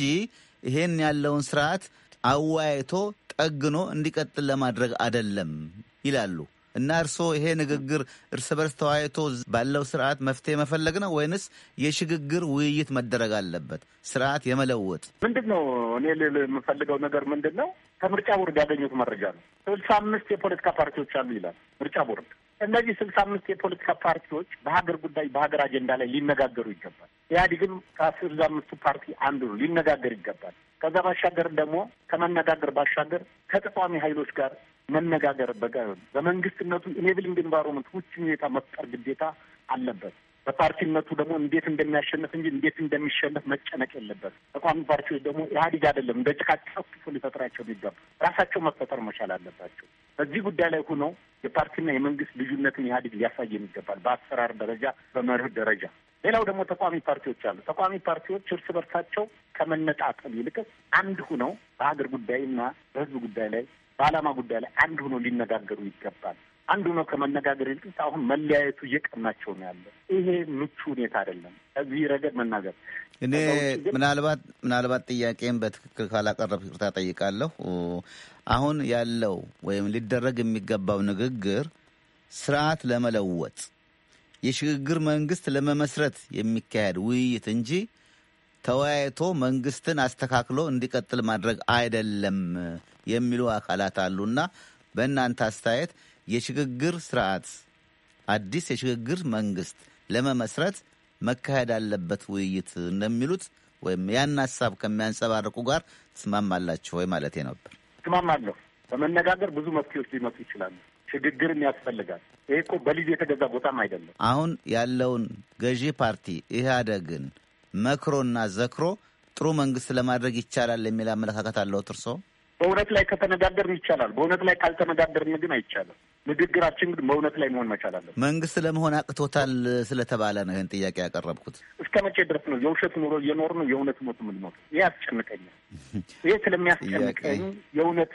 ይሄን ያለውን ስርዓት አወያይቶ ጠግኖ እንዲቀጥል ለማድረግ አይደለም ይላሉ። እና እርስዎ ይሄ ንግግር እርስ በርስ ተወያይቶ ባለው ስርዓት መፍትሄ መፈለግ ነው ወይንስ የሽግግር ውይይት መደረግ አለበት? ስርዓት የመለወጥ ምንድን ነው? እኔ ልል የምፈልገው ነገር ምንድን ነው፣ ከምርጫ ቦርድ ያገኙት መረጃ ነው። ስልሳ አምስት የፖለቲካ ፓርቲዎች አሉ ይላል ምርጫ ቦርድ። እነዚህ ስልሳ አምስት የፖለቲካ ፓርቲዎች በሀገር ጉዳይ በሀገር አጀንዳ ላይ ሊነጋገሩ ይገባል። ኢህአዴግም ከስልሳ አምስቱ ፓርቲ አንዱ ነው፣ ሊነጋገር ይገባል። ከዛ ባሻገር ደግሞ ከመነጋገር ባሻገር ከተቃዋሚ ኃይሎች ጋር መነጋገር በመንግስትነቱ ኢኔብሊንግ ኢንቫይሮመንት ውጭ ሁኔታ መፍጠር ግዴታ አለበት። በፓርቲነቱ ደግሞ እንዴት እንደሚያሸንፍ እንጂ እንዴት እንደሚሸንፍ መጨነቅ የለበት። ተቋሚ ፓርቲዎች ደግሞ ኢህአዲግ አይደለም እንደ ጭቃ ጠፍቶ ሊፈጥራቸው የሚገባ ራሳቸው መፈጠር መቻል አለባቸው። በዚህ ጉዳይ ላይ ሆኖ የፓርቲና የመንግስት ልዩነትን ኢህአዲግ ሊያሳይ የሚገባል፣ በአሰራር ደረጃ በመርህ ደረጃ። ሌላው ደግሞ ተቋሚ ፓርቲዎች አሉ። ተቋሚ ፓርቲዎች እርስ በርሳቸው ከመነጣጠል ይልቅ አንድ ሁነው በሀገር ጉዳይና በህዝብ ጉዳይ ላይ በዓላማ ጉዳይ ላይ አንድ ሆኖ ሊነጋገሩ ይገባል። አንዱ ነው ከመነጋገር ይልቅ አሁን መለያየቱ እየቀናቸው ነው ያለ። ይሄ ምቹ ሁኔታ አይደለም። እዚህ ረገድ መናገር እኔ ምናልባት ምናልባት ጥያቄም በትክክል ካላቀረብ ይቅርታ ጠይቃለሁ። አሁን ያለው ወይም ሊደረግ የሚገባው ንግግር ስርዓት ለመለወጥ የሽግግር መንግስት ለመመስረት የሚካሄድ ውይይት እንጂ ተወያይቶ መንግስትን አስተካክሎ እንዲቀጥል ማድረግ አይደለም የሚሉ አካላት አሉና በእናንተ አስተያየት የሽግግር ስርዓት አዲስ የሽግግር መንግስት ለመመስረት መካሄድ አለበት ውይይት እንደሚሉት ወይም ያን ሀሳብ ከሚያንጸባርቁ ጋር ትስማማላችሁ ወይ ማለት ነበር። እስማማለሁ። በመነጋገር ብዙ መፍትሄዎች ሊመጡ ይችላሉ። ሽግግርም ያስፈልጋል። ይሄ እኮ በሊዝ የተገዛ ቦታም አይደለም። አሁን ያለውን ገዢ ፓርቲ ኢህአደግን መክሮና ዘክሮ ጥሩ መንግስት ለማድረግ ይቻላል የሚል አመለካከት አለው እርስዎ? በእውነት ላይ ከተነጋገርን ይቻላል። በእውነት ላይ ካልተነጋገርን ግን አይቻልም። ንግግራችን ግን በእውነት ላይ መሆን መቻል አለበት። መንግስት ለመሆን አቅቶታል ስለተባለ ነው ይህን ጥያቄ ያቀረብኩት። እስከ መቼ ድረስ ነው የውሸት ኑሮ ነው የእውነት ሞት የምንሞት? ይህ ያስጨንቀኛል። ይህ ስለሚያስጨንቀኝ የእውነት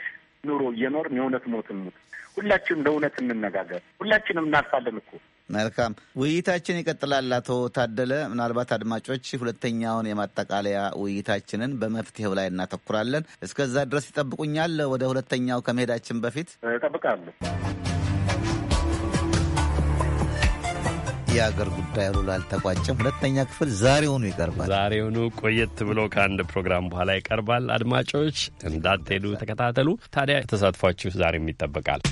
ኑሮ እየኖር የእውነት ሞት እንሙት። ሁላችንም ለእውነት እንነጋገር። ሁላችንም እናልፋለን እኮ መልካም ውይይታችን ይቀጥላል። አቶ ታደለ፣ ምናልባት አድማጮች ሁለተኛውን የማጠቃለያ ውይይታችንን በመፍትሄው ላይ እናተኩራለን። እስከዛ ድረስ ይጠብቁኛል። ወደ ሁለተኛው ከመሄዳችን በፊት እጠብቃለሁ። የአገር ጉዳይ ሉ አልተቋጨም። ሁለተኛ ክፍል ዛሬውኑ ይቀርባል። ዛሬውኑ ቆየት ብሎ ከአንድ ፕሮግራም በኋላ ይቀርባል። አድማጮች እንዳትሄዱ ተከታተሉ። ታዲያ ተሳትፏችሁ ዛሬም ይጠበቃል።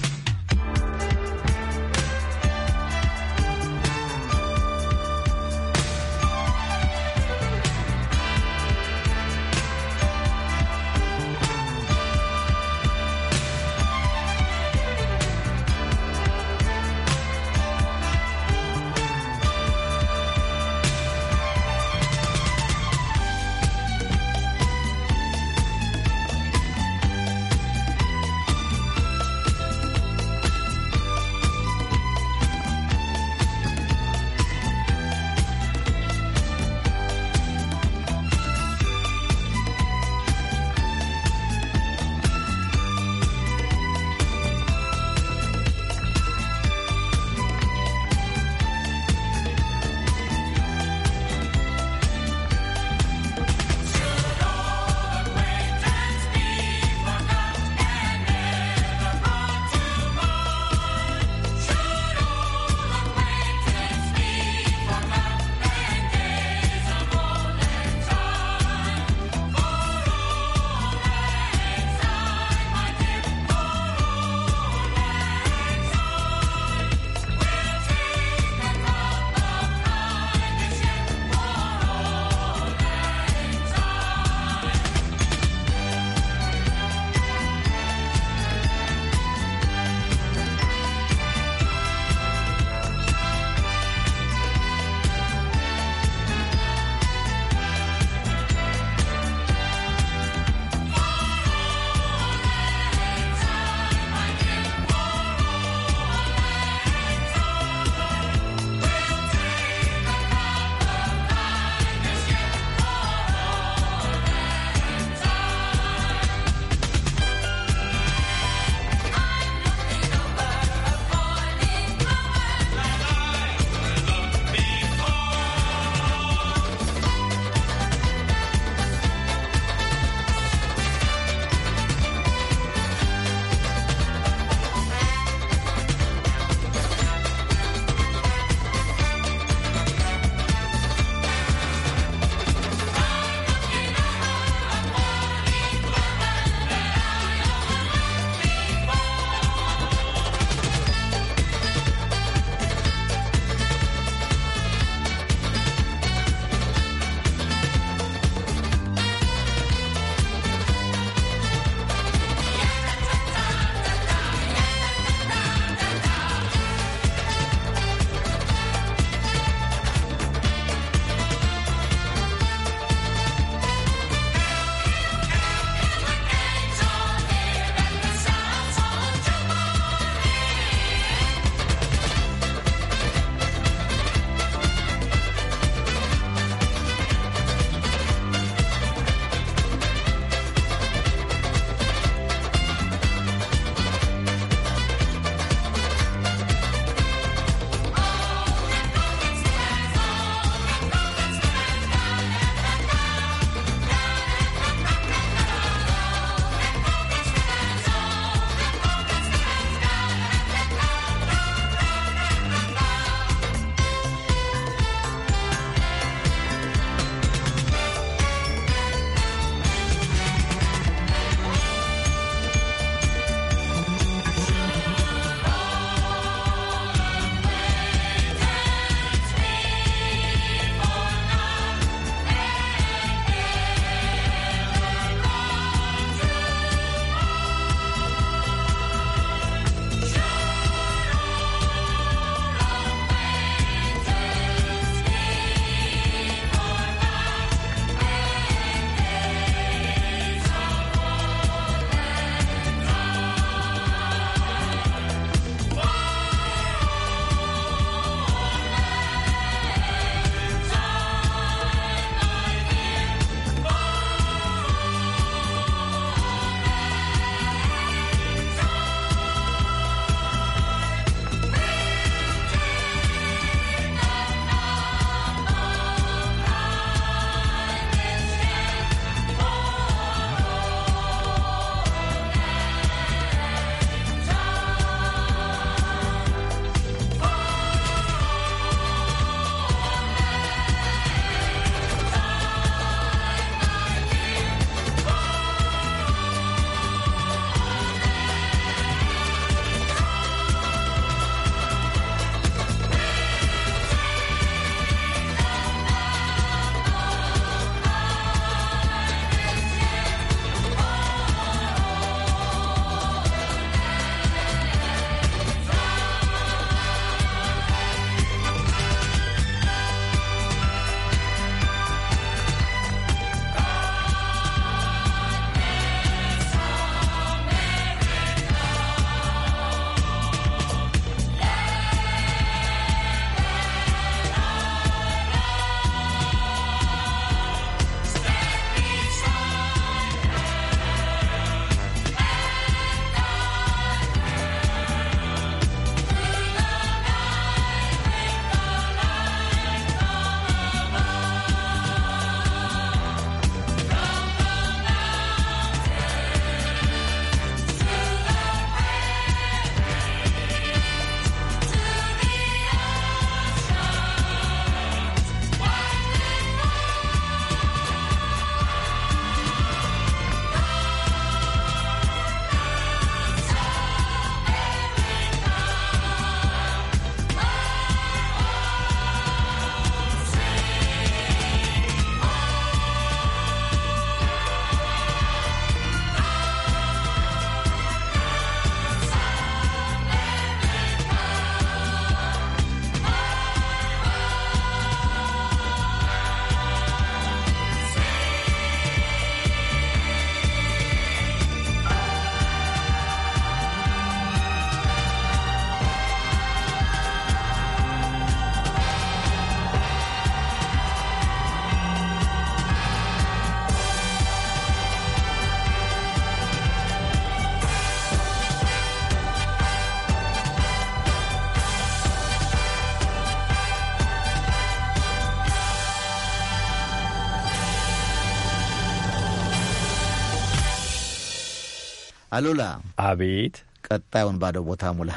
አሉላ አቤት ቀጣዩን ባዶ ቦታ ሙላ።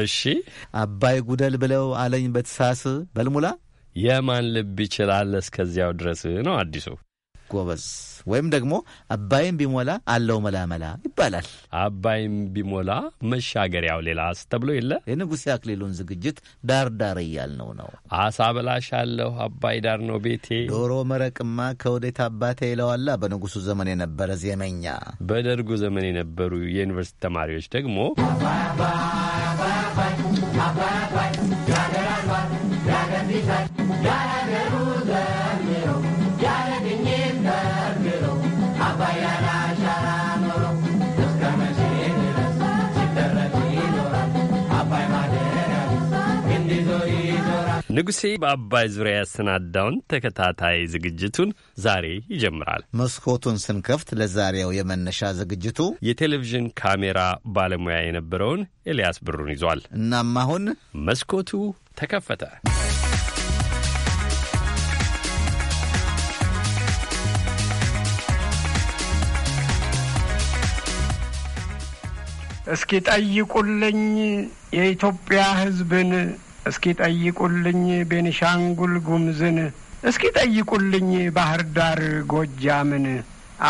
እሺ አባይ ጉደል ብለው አለኝ በትሳስ በልሙላ የማን ልብ ይችላል እስከዚያው ድረስ ነው አዲሱ ጎበዝ ወይም ደግሞ አባይም ቢሞላ አለው መላመላ ይባላል። አባይም ቢሞላ መሻገሪያው ሌላስ ተብሎ የለ የንጉሴ አክሊሉን ዝግጅት ዳር ዳር እያልነው ነው። አሳ አለሁ አባይ ዳር ነው ቤቴ፣ ዶሮ መረቅማ ከወዴት አባቴ ይለዋላ በንጉሱ ዘመን የነበረ ዜመኛ። በደርጉ ዘመን የነበሩ የዩኒቨርሲቲ ተማሪዎች ደግሞ አባይ አባይ ንጉሴ በአባይ ዙሪያ ያሰናዳውን ተከታታይ ዝግጅቱን ዛሬ ይጀምራል። መስኮቱን ስንከፍት ለዛሬው የመነሻ ዝግጅቱ የቴሌቪዥን ካሜራ ባለሙያ የነበረውን ኤልያስ ብሩን ይዟል። እናም አሁን መስኮቱ ተከፈተ። እስኪ ጠይቁልኝ የኢትዮጵያ ሕዝብን እስኪ ጠይቁልኝ ቤኒሻንጉል ጉምዝን፣ እስኪ ጠይቁልኝ ባህር ዳር ጎጃምን፣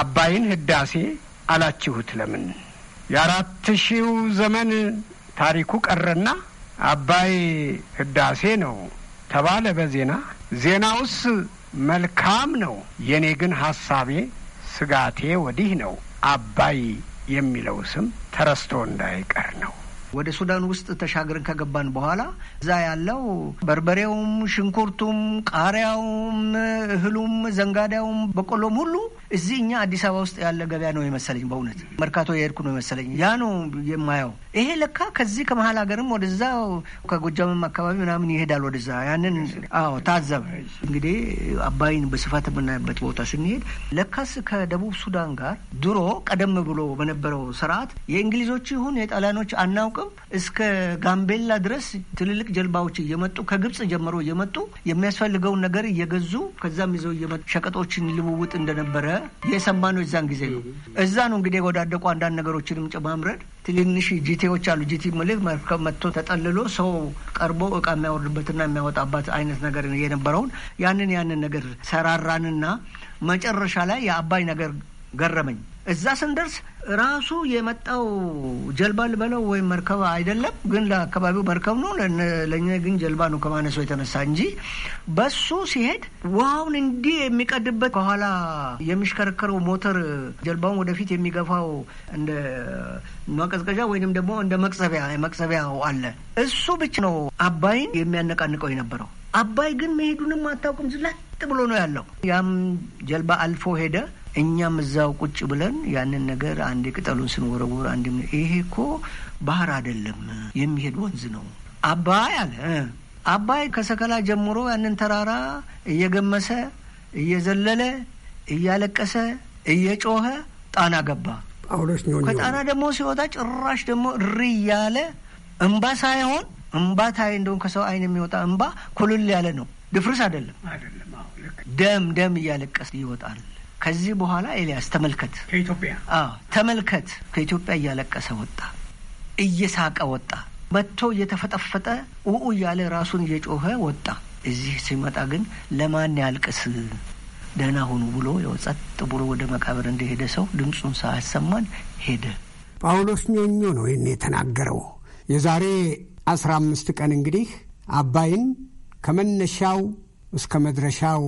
አባይን ህዳሴ አላችሁት ለምን? የአራት ሺው ዘመን ታሪኩ ቀረና አባይ ህዳሴ ነው ተባለ በዜና። ዜናውስ መልካም ነው። የእኔ ግን ሀሳቤ ስጋቴ ወዲህ ነው። አባይ የሚለው ስም ተረስቶ እንዳይቀር ነው። ወደ ሱዳን ውስጥ ተሻግረን ከገባን በኋላ እዛ ያለው በርበሬውም፣ ሽንኩርቱም፣ ቃሪያውም፣ እህሉም፣ ዘንጋዳውም፣ በቆሎም ሁሉ እዚህ እኛ አዲስ አበባ ውስጥ ያለ ገበያ ነው የመሰለኝ። በእውነት መርካቶ የሄድኩ ነው የመሰለኝ። ያ ነው የማየው። ይሄ ለካ ከዚህ ከመሀል ሀገርም ወደዛ ከጎጃምም አካባቢ ምናምን ይሄዳል ወደዛ። ያንን አዎ ታዘብ እንግዲህ አባይን በስፋት የምናይበት ቦታ ስንሄድ ለካስ ከደቡብ ሱዳን ጋር ድሮ ቀደም ብሎ በነበረው ስርዓት የእንግሊዞች ይሁን የጣሊያኖች አናውቅም እስከ ጋምቤላ ድረስ ትልልቅ ጀልባዎች እየመጡ ከግብጽ ጀምሮ እየመጡ የሚያስፈልገውን ነገር እየገዙ ከዛም ይዘው እየመጡ ሸቀጦችን ልውውጥ እንደነበረ የሰማነው እዛን ጊዜ ነው። እዛ ነው እንግዲህ የወዳደቁ አንዳንድ ነገሮችንም ጭማምረድ ትንንሽ ጂቴዎች አሉ። ጂቲ ምልህ መርከብ መጥቶ ተጠልሎ ሰው ቀርቦ እቃ የሚያወርድበትና የሚያወጣባት አይነት ነገር የነበረውን ያንን ያንን ነገር ሰራራንና መጨረሻ ላይ የአባይ ነገር ገረመኝ። እዛ ስንደርስ ራሱ የመጣው ጀልባ ልበለው ወይም መርከብ አይደለም፣ ግን ለአካባቢው መርከብ ነው። ለእኛ ግን ጀልባ ነው ከማነሰው የተነሳ እንጂ በሱ ሲሄድ ውሃውን እንዲህ የሚቀድበት ከኋላ የሚሽከረከረው ሞተር ጀልባውን ወደፊት የሚገፋው እንደ ማቀዝቀዣ ወይንም ደግሞ እንደ መቅዘቢያ መቅዘቢያው አለ። እሱ ብቻ ነው አባይን የሚያነቃንቀው የነበረው። አባይ ግን መሄዱንም አታውቅም። ዝለጥ ብሎ ነው ያለው። ያም ጀልባ አልፎ ሄደ። እኛም እዛው ቁጭ ብለን ያንን ነገር አንዴ ቅጠሉን ስንወረውር አንድ ይሄ እኮ ባህር አይደለም የሚሄድ ወንዝ ነው አባይ አለ። አባይ ከሰከላ ጀምሮ ያንን ተራራ እየገመሰ እየዘለለ እያለቀሰ እየጮኸ ጣና ገባ። ከጣና ደግሞ ሲወጣ ጭራሽ ደግሞ እሪ እያለ እምባ ሳይሆን እምባ ታይ እንደሁም ከሰው አይን የሚወጣ እምባ ኩልል ያለ ነው። ድፍርስ አይደለም። ደም ደም እያለቀሰ ይወጣል። ከዚህ በኋላ ኤልያስ ተመልከት፣ ከኢትዮጵያ ተመልከት፣ ከኢትዮጵያ እያለቀሰ ወጣ፣ እየሳቀ ወጣ። መጥቶ እየተፈጠፈጠ ውኡ እያለ ራሱን እየጮኸ ወጣ። እዚህ ሲመጣ ግን ለማን ያልቅስ ደህና ሁኑ ብሎ ጸጥ ብሎ ወደ መቃብር እንደሄደ ሰው ድምፁን ሳያሰማን ሄደ። ጳውሎስ ኞኞ ነው ይህን የተናገረው። የዛሬ አስራ አምስት ቀን እንግዲህ አባይን ከመነሻው እስከ መድረሻው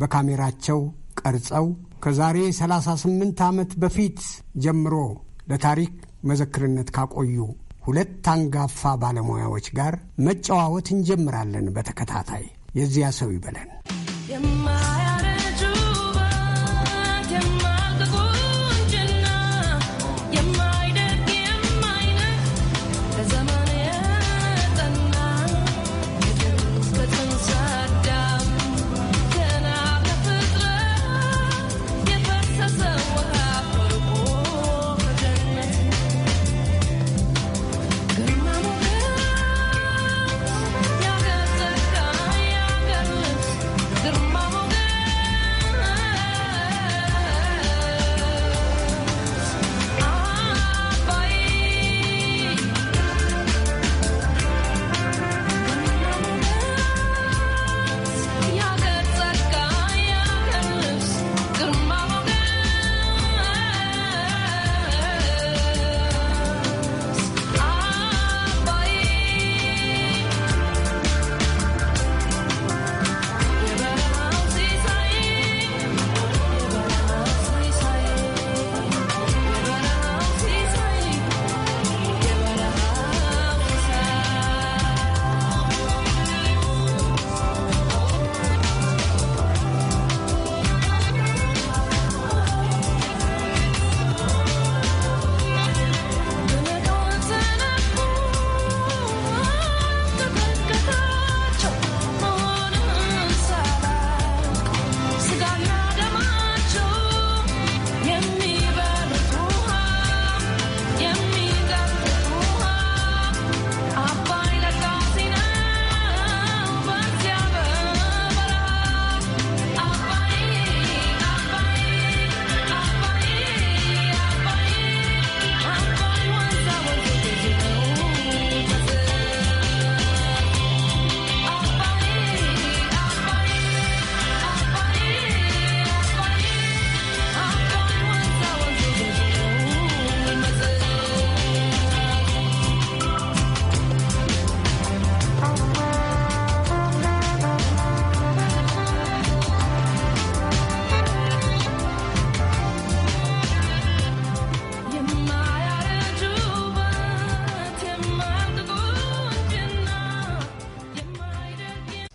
በካሜራቸው ቀርጸው ከዛሬ 38 ዓመት በፊት ጀምሮ ለታሪክ መዘክርነት ካቆዩ ሁለት አንጋፋ ባለሙያዎች ጋር መጨዋወት እንጀምራለን። በተከታታይ የዚያ ሰው ይበለን።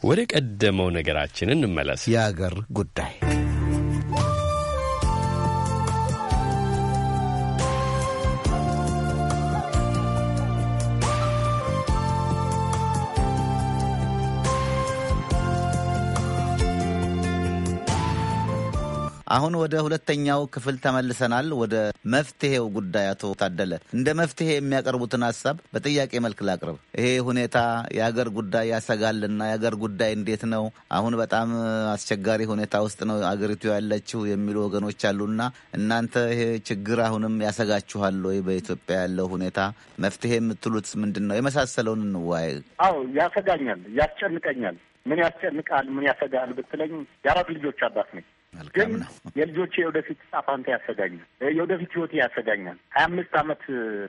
ወደ ቀደመው ነገራችን እንመለስ። የአገር ጉዳይ አሁን ወደ ሁለተኛው ክፍል ተመልሰናል። ወደ መፍትሄው ጉዳይ አቶ ታደለ እንደ መፍትሄ የሚያቀርቡትን ሀሳብ በጥያቄ መልክ ላቅርብ። ይሄ ሁኔታ የሀገር ጉዳይ ያሰጋልና የሀገር ጉዳይ እንዴት ነው? አሁን በጣም አስቸጋሪ ሁኔታ ውስጥ ነው አገሪቱ ያለችው የሚሉ ወገኖች አሉና እናንተ ይሄ ችግር አሁንም ያሰጋችኋል ወይ? በኢትዮጵያ ያለው ሁኔታ መፍትሄ የምትሉት ምንድን ነው? የመሳሰለውን እንወያይ። አዎ ያሰጋኛል፣ ያስጨንቀኛል። ምን ያስጨንቃል? ምን ያሰጋል ብትለኝ የአራት ልጆች አባት ነኝ። ግን [laughs] የልጆቼ የወደፊት ዕጣ ያሰጋኛል፣ የወደፊት ህይወቴ ያሰጋኛል። ሀያ አምስት አመት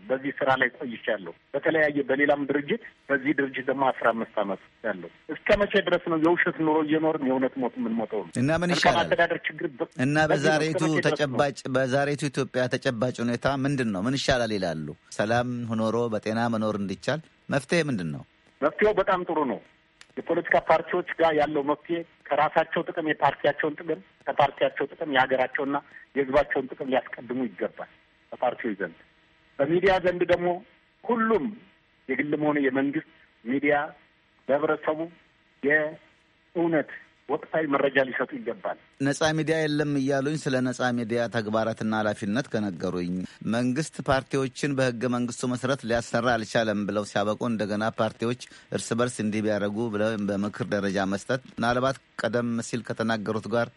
በዚህ ስራ ላይ ቆይቻለሁ። በተለያየ በሌላም ድርጅት በዚህ ድርጅት ደግሞ አስራ አምስት አመት ያለው እስከ መቼ ድረስ ነው የውሸት ኑሮ እየኖርን የእውነት ሞት የምንሞተው ነው? እና ምን ይሻላል? አስተዳደር ችግር እና በዛሬቱ ተጨባጭ በዛሬቱ ኢትዮጵያ ተጨባጭ ሁኔታ ምንድን ነው? ምን ይሻላል ይላሉ። ሰላም ኖሮ በጤና መኖር እንዲቻል መፍትሄ ምንድን ነው? መፍትሄው በጣም ጥሩ ነው። የፖለቲካ ፓርቲዎች ጋር ያለው መፍትሄ ከራሳቸው ጥቅም የፓርቲያቸውን ጥቅም ከፓርቲያቸው ጥቅም የሀገራቸውና የሕዝባቸውን ጥቅም ሊያስቀድሙ ይገባል በፓርቲዎች ዘንድ። በሚዲያ ዘንድ ደግሞ ሁሉም የግልም ሆነ የመንግስት ሚዲያ ለህብረተሰቡ የእውነት ወቅታዊ መረጃ ሊሰጡ ይገባል። ነጻ ሚዲያ የለም እያሉኝ ስለ ነጻ ሚዲያ ተግባራትና ኃላፊነት ከነገሩኝ መንግስት ፓርቲዎችን በህገ መንግስቱ መሰረት ሊያሰራ አልቻለም ብለው ሲያበቁ እንደገና ፓርቲዎች እርስ በርስ እንዲህ ቢያደርጉ ብለው በምክር ደረጃ መስጠት ምናልባት ቀደም ሲል ከተናገሩት ጋር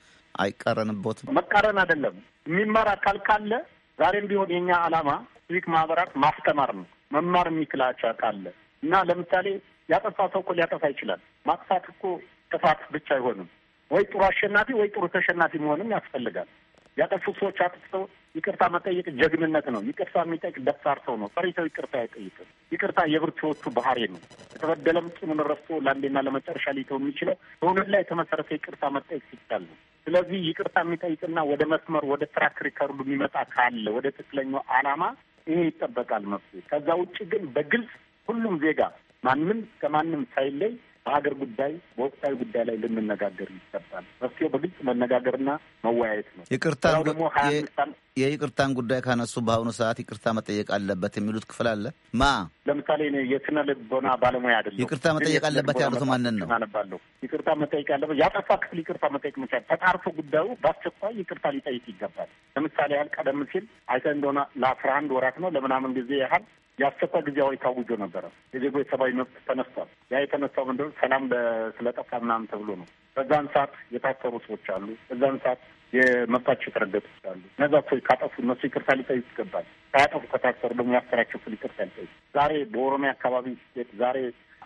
አይቃረንቦትም? መቃረን አይደለም። የሚማር አካል ካለ ዛሬም ቢሆን የኛ አላማ ሲቪክ ማህበራት ማስተማር ነው። መማር የሚችላቸው አካል እና ለምሳሌ ያጠፋ ሰው እኮ ሊያጠፋ ይችላል። ማጥፋት እኮ ጥፋት ብቻ አይሆንም። ወይ ጥሩ አሸናፊ ወይ ጥሩ ተሸናፊ መሆንም ያስፈልጋል። ያጠፉት ሰዎች አጥፍተው ይቅርታ መጠየቅ ጀግንነት ነው። ይቅርታ የሚጠይቅ ደፋር ሰው ነው። ፈሪ ሰው ይቅርታ አይጠይቅም። ይቅርታ የብርቱዎቹ ባህሪ ነው። የተበደለም ቂሙን ረስቶ ለአንዴና ለመጨረሻ ሊተው የሚችለው በእውነት ላይ የተመሰረተ ይቅርታ መጠየቅ ሲቻል ነው። ስለዚህ ይቅርታ የሚጠይቅና ወደ መስመር ወደ ትራክ ሪከርዱ የሚመጣ ካለ ወደ ትክክለኛው አላማ ይሄ ይጠበቃል መፍትሄ። ከዛ ውጭ ግን በግልጽ ሁሉም ዜጋ ማንም ከማንም ሳይለይ በሀገር ጉዳይ በወቅታዊ ጉዳይ ላይ ልንነጋገር ይገባል። መፍትሄው በግልጽ መነጋገርና መወያየት ነው። ይቅርታ ደግሞ ሀያ የይቅርታን ጉዳይ ካነሱ በአሁኑ ሰዓት ይቅርታ መጠየቅ አለበት የሚሉት ክፍል አለ። ማ ለምሳሌ የስነ ልቦና ባለሙያ አይደለም። ይቅርታ መጠየቅ አለበት ያሉት ማንን ነው? አነባለሁ። ይቅርታ መጠየቅ አለበት ያጠፋ ክፍል ይቅርታ መጠየቅ መቻል፣ ተጣርቶ ጉዳዩ በአስቸኳይ ይቅርታ ሊጠይቅ ይገባል። ለምሳሌ ያህል ቀደም ሲል አይተ እንደሆነ ለአስራ አንድ ወራት ነው ለምናምን ጊዜ ያህል የአስቸኳይ ጊዜ አሁን የታውጆ ነበረ። የዜጎች ሰብአዊ መብት ተነስቷል። ያ የተነሳው ምንድን ሰላም ስለጠፋ ምናምን ተብሎ ነው። በዛን ሰዓት የታሰሩ ሰዎች አሉ። በዛን ሰዓት የመብታቸው የተረገጡ አሉ። እነዛ ሰዎች ካጠፉ እነሱ ይቅርታ ሊጠይቅ ይገባል። ሳያጠፉ ከታሰሩ ደግሞ ያሰራቸው ይቅርታ ሊጠይቅ ዛሬ በኦሮሚያ አካባቢ ዛሬ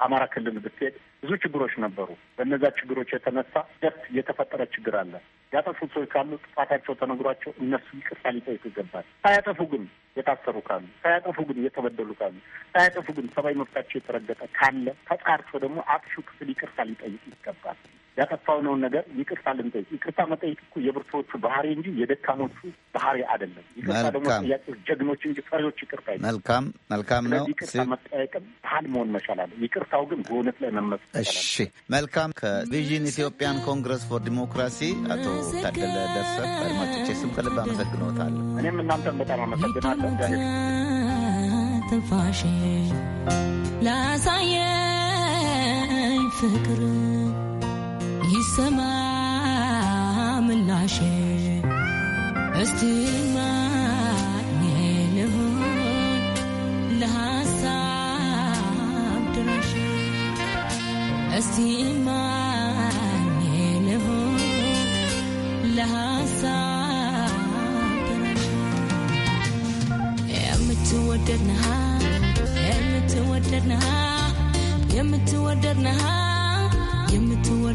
አማራ ክልል ብትሄድ ብዙ ችግሮች ነበሩ። በእነዛ ችግሮች የተነሳ ደት የተፈጠረ ችግር አለ። ያጠፉ ሰዎች ካሉ ጥፋታቸው ተነግሯቸው እነሱ ይቅርታ ሊጠይቅ ይገባል። ሳያጠፉ ግን የታሰሩ ካሉ፣ ሳያጠፉ ግን የተበደሉ ካሉ፣ ሳያጠፉ ግን ሰብአዊ መብታቸው የተረገጠ ካለ ተጣርቶ ደግሞ አጥፊው ክፍል ይቅርታ ሊጠይቅ ይገባል። ያጠፋውነውን ነገር ይቅርታ ልንጠይቅ። ይቅርታ መጠየቅ እኮ የብርቶቹ ባህሪ እንጂ የደካሞቹ ባህሪ አይደለም። ይቅርታ ደግሞ ጥያቄዎች ጀግኖች እንጂ ፈሪዎች ይቅርታ አይደለም። መልካም መልካም ነው። ይቅርታ መጠያየቅም ባህል መሆን መቻል አለ። ይቅርታው ግን በእውነት ላይ መመስ። እሺ መልካም። ከቪዥን ኢትዮጵያን ኮንግረስ ፎር ዲሞክራሲ አቶ ታደለ ደርሰ አድማጮቼ ስም ከልብ አመሰግኖታል። እኔም እናንተን በጣም አመሰግናለሁ። ትንፋሽ ላሳየኝ ፍቅር ይሰማ ምላሽ እስቲ ማን ልሁን ለሐሳብ ነሃ። እስቲ ማን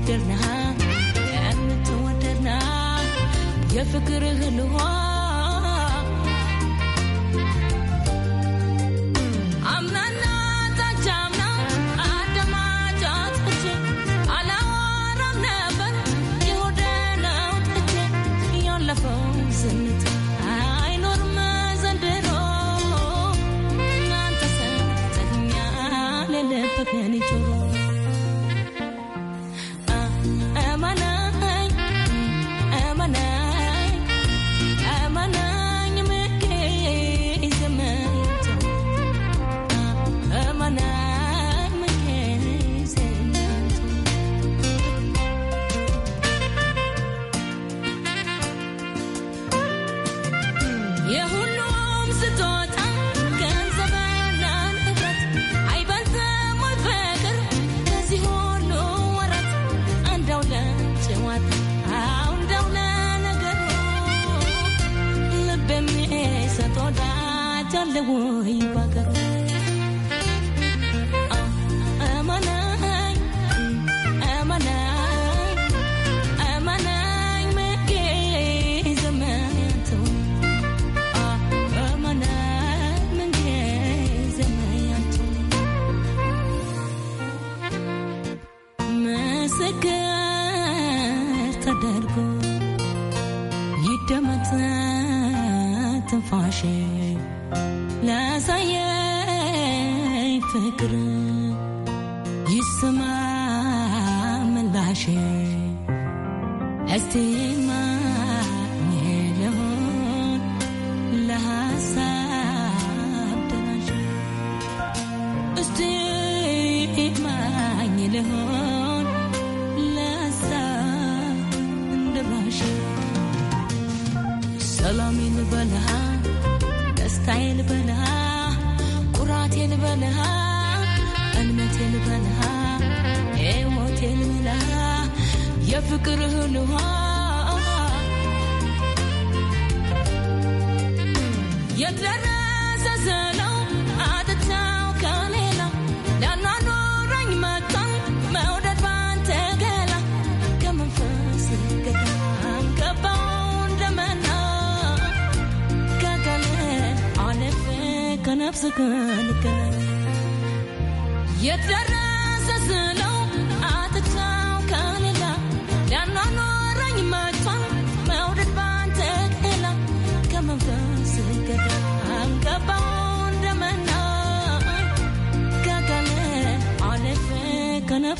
ተወደድና ተወደድና የፍቅርህን would.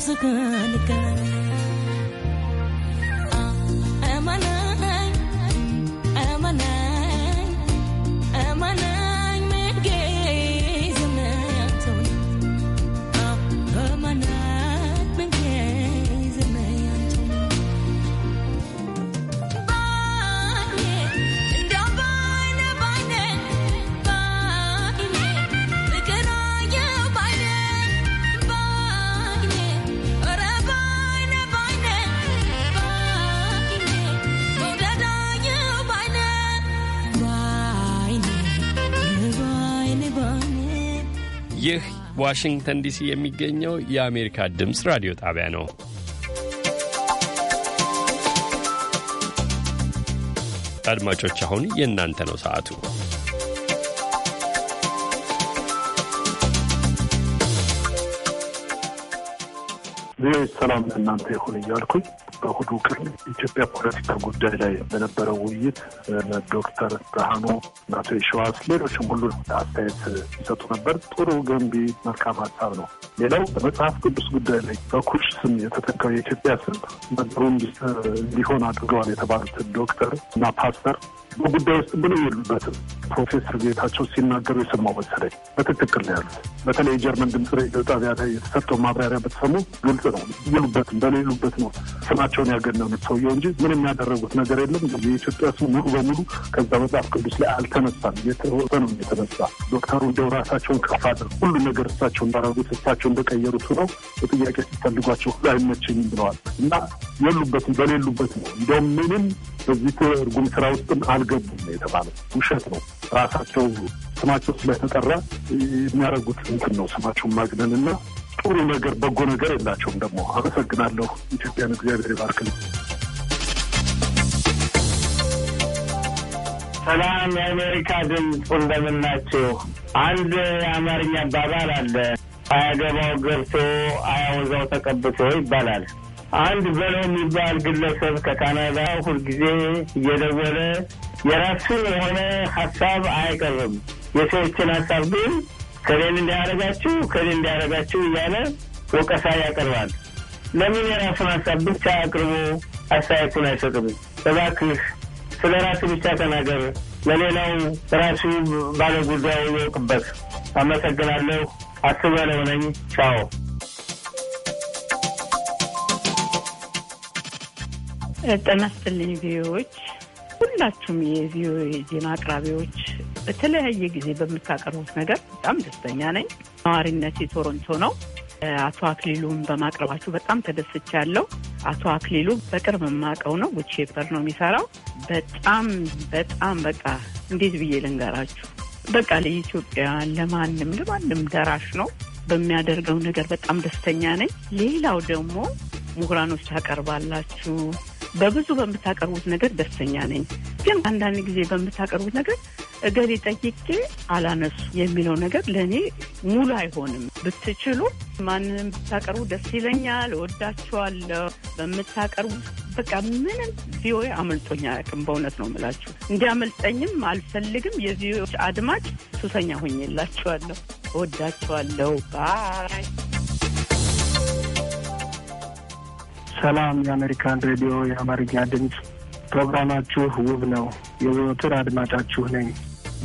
so good, ዋሽንግተን ዲሲ የሚገኘው የአሜሪካ ድምፅ ራዲዮ ጣቢያ ነው። አድማጮች አሁን የእናንተ ነው ሰዓቱ። ቪኦኤ ሰላም ለእናንተ ይሁን እያልኩኝ በእሁዱ ቀን ኢትዮጵያ ፖለቲካ ጉዳይ ላይ በነበረው ውይይት ዶክተር ብርሃኑ አቶ የሸዋስ ሌሎችም ሁሉ አስተያየት ይሰጡ ነበር። ጥሩ ገንቢ መልካም ሀሳብ ነው። ሌላው በመጽሐፍ ቅዱስ ጉዳይ ላይ በኩሽ ስም የተተካው የኢትዮጵያ ስም ነገሩ እንዲሆን አድርገዋል የተባሉትን ዶክተር እና ፓስተር በጉዳይ ውስጥ ምንም የሉበትም። ፕሮፌሰር ጌታቸው ሲናገሩ የሰማው መሰለኝ በትክክል ነው ያሉት። በተለይ የጀርመን ድምፅ ሬዲዮ ጣቢያ ላይ የተሰጠው ማብራሪያ በተሰሙ ግልጽ ነው። የሉበትም በሌሉበት ነው ስማቸውን ያገነኑት ሰውየው እንጂ ምንም ያደረጉት ነገር የለም። የኢትዮጵያ ስም ሙሉ በሙሉ ከዛ መጽሐፍ ቅዱስ ላይ አልተነሳም። የተወሰ ነው የተነሳ። ዶክተሩ እንደው ራሳቸውን ከፍ አድርገው ሁሉ ነገር እሳቸው እንዳረጉት እሳቸው እንደቀየሩት ነው። በጥያቄ ሲፈልጓቸው ሁሉ አይመቸኝም ብለዋል እና የሉበትም በሌሉበት ነው እንዲያውም ምንም በዚህ ትርጉም ስራ ውስጥም አለ አልገቡም የተባለው ውሸት ነው። ራሳቸው ስማቸው ስለተጠራ የሚያደርጉት እንትን ነው ስማቸውን ማግነን እና ጥሩ ነገር በጎ ነገር የላቸውም። ደግሞ አመሰግናለሁ። ኢትዮጵያን እግዚአብሔር ይባርክልኝ። ሰላም የአሜሪካ ድምፅ እንደምናችሁ። አንድ የአማርኛ አባባል አለ፣ አያገባው ገብቶ አያወዛው ተቀብቶ ይባላል። አንድ በለው የሚባል ግለሰብ ከካናዳ ሁልጊዜ እየደወለ የራሱ የሆነ ሀሳብ አይቀርብም። የሰዎችን ሀሳብ ግን ከሌን እንዲያደረጋችሁ ከሌን እንዲያደረጋችሁ እያለ ወቀሳ ያቀርባል። ለምን የራሱን ሀሳብ ብቻ አቅርቦ አስተያየቱን አይሰጥም? እባክህ ስለ ራሱ ብቻ ተናገር፣ ለሌላው ራሱ ባለጉዳዩ ይወቅበት። አመሰግናለሁ። አስበለው ነኝ። ቻው። ጤና ይስጥልኝ ቪዎች ሁላችሁም የቪኦኤ ዜና አቅራቢዎች በተለያየ ጊዜ በምታቀርቡት ነገር በጣም ደስተኛ ነኝ። ነዋሪነት የቶሮንቶ ነው። አቶ አክሊሉን በማቅረባችሁ በጣም ያለው አቶ አክሊሉ በቅርብ የማውቀው ነው፣ ጉቺ ነው የሚሰራው። በጣም በጣም በቃ እንዴት ብዬ ልንገራችሁ፣ በቃ ለኢትዮጵያውያን ለማንም ለማንም ደራሽ ነው። በሚያደርገው ነገር በጣም ደስተኛ ነኝ። ሌላው ደግሞ ምሁራኖች ታቀርባላችሁ በብዙ በምታቀርቡት ነገር ደስተኛ ነኝ፣ ግን አንዳንድ ጊዜ በምታቀርቡት ነገር እገሌ ጠይቄ አላነሱ የሚለው ነገር ለእኔ ሙሉ አይሆንም። ብትችሉ ማንንም ብታቀርቡ ደስ ይለኛል፣ እወዳችኋለሁ። በምታቀርቡት በቃ ምንም ቪኦኤ አመልጦኛ ያቅም በእውነት ነው የምላችሁ። እንዲያመልጠኝም አልፈልግም። የቪኦኤ አድማጭ ሱሰኛ ሆኜላችኋለሁ። እወዳችኋለሁ ባይ ሰላም የአሜሪካን ሬዲዮ የአማርኛ ድምፅ ፕሮግራማችሁ ውብ ነው። የዘወትር አድማጫችሁ ነኝ።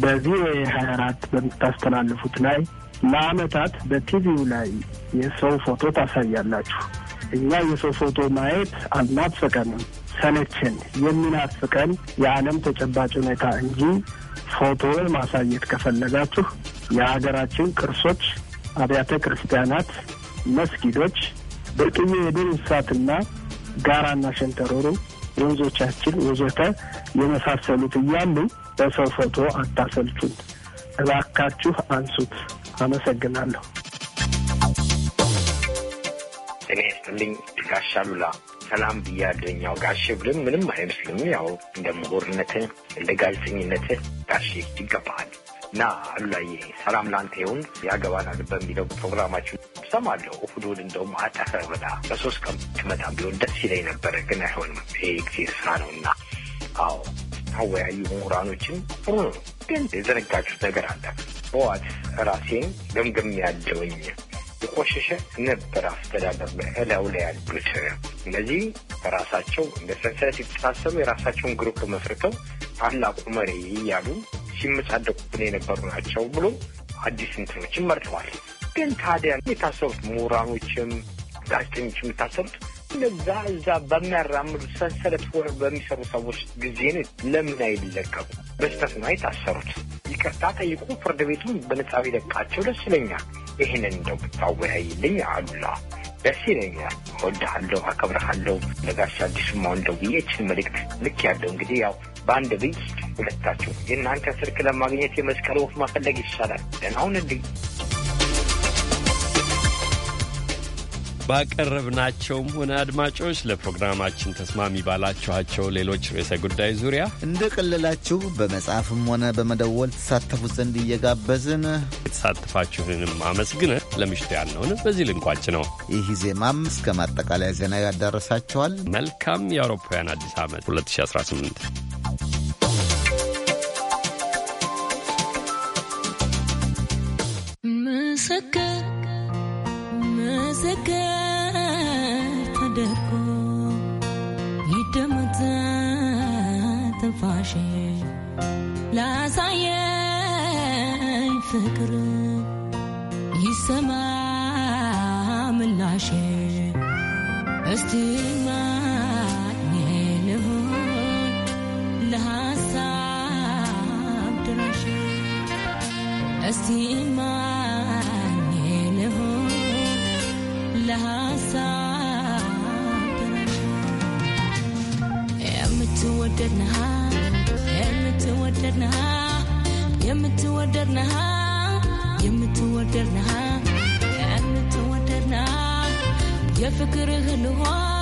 በቪኦኤ ሀያ አራት በምታስተላልፉት ላይ ለአመታት በቲቪው ላይ የሰው ፎቶ ታሳያላችሁ። እኛ የሰው ፎቶ ማየት አናፍቀንም፣ ሰለችን። የሚናፍቀን የዓለም ተጨባጭ ሁኔታ እንጂ ፎቶ ማሳየት ከፈለጋችሁ የሀገራችን ቅርሶች፣ አብያተ ክርስቲያናት፣ መስጊዶች ብርቅዬ የዱር እንስሳትና ጋራና ሸንተረሮ ወንዞቻችን ወዘተ የመሳሰሉት እያሉ በሰው ፎቶ አታሰልቱን፣ እባካችሁ አንሱት። አመሰግናለሁ። እኔ ስጥልኝ ጋሻ ሉላ ሰላም ብያለኛው። ጋሽ ብልም ምንም አይመስልም። ያው እንደ ምሁርነትህ እንደ ጋዜጠኝነትህ ጋሽ ይገባሃል እና አሉላዬ ሰላም ላንተ ይሁን። ያገባናል በሚለው ፕሮግራማችሁ እሰማለሁ። አለው እሑድ እንደውም አጠፈ ብላ በሶስት ቀን መጣም ቢሆን ደስ ይለኝ ነበረ፣ ግን አይሆንም። ይሄ ጊዜ ስራ ነው እና አዎ አወያዩ ምሁራኖችን ጥሩ ነው። ግን የዘነጋችሁት ነገር አለ። በዋት ራሴን ገምገም ያለውኝ የቆሸሸ ነበር አስተዳደር በእላው ላይ ያሉት እነዚህ በራሳቸው እንደ ሰንሰለት የተሳሰሩ የራሳቸውን ግሩፕ መስርተው ታላቁ መሪ እያሉ ሲመጻደቁብን የነበሩ ናቸው ብሎ አዲስ እንትኖችን መርጠዋል። ግን ታዲያ የታሰሩት ምሁራኖችም ጋዜጠኞች የምታሰሩት እነዛ እዛ በሚያራምዱ ሰንሰለት ወር በሚሰሩ ሰዎች ጊዜን ለምን አይለቀቁ? በስተት ነው የታሰሩት። ይቅርታ ጠይቁ፣ ፍርድ ቤቱን በነጻ ቢለቃቸው ደስ ይለኛል። ይህንን እንደው ብታወያይልኝ አሉላ ደስ ይለኛል። እወድሃለሁ፣ አከብረሃለሁ። ለጋሽ አዲሱ ማወንደው ብዬችን መልእክት ልክ ያለው እንግዲህ ያው በአንድ ብይ ሁለታችሁ የእናንተ ስልክ ለማግኘት የመስቀል ወፍ መፈለግ ይሻላል። ደህና እንዲህ ባቀረብናቸውም ሆነ አድማጮች ለፕሮግራማችን ተስማሚ ባላችኋቸው ሌሎች ርዕሰ ጉዳይ ዙሪያ እንደ ቀለላችሁ በመጻፍም ሆነ በመደወል ተሳተፉ ዘንድ እየጋበዝን የተሳተፋችሁንም አመስግነ ለምሽቱ ያልነውን በዚህ ልንቋጭ ነው። ይህ ዜማም እስከ ማጠቃለያ ዜና ያዳረሳችኋል። መልካም የአውሮፓውያን አዲስ ዓመት 2018። የተዘጋ ተደርጎ ይደመጣ ትንፋሽ ላሳየኝ ፍቅር ይሰማ ምላሽ እስቲ ለሀሳብ እስቲ የምትወደድና የፍቅርህ ልሆን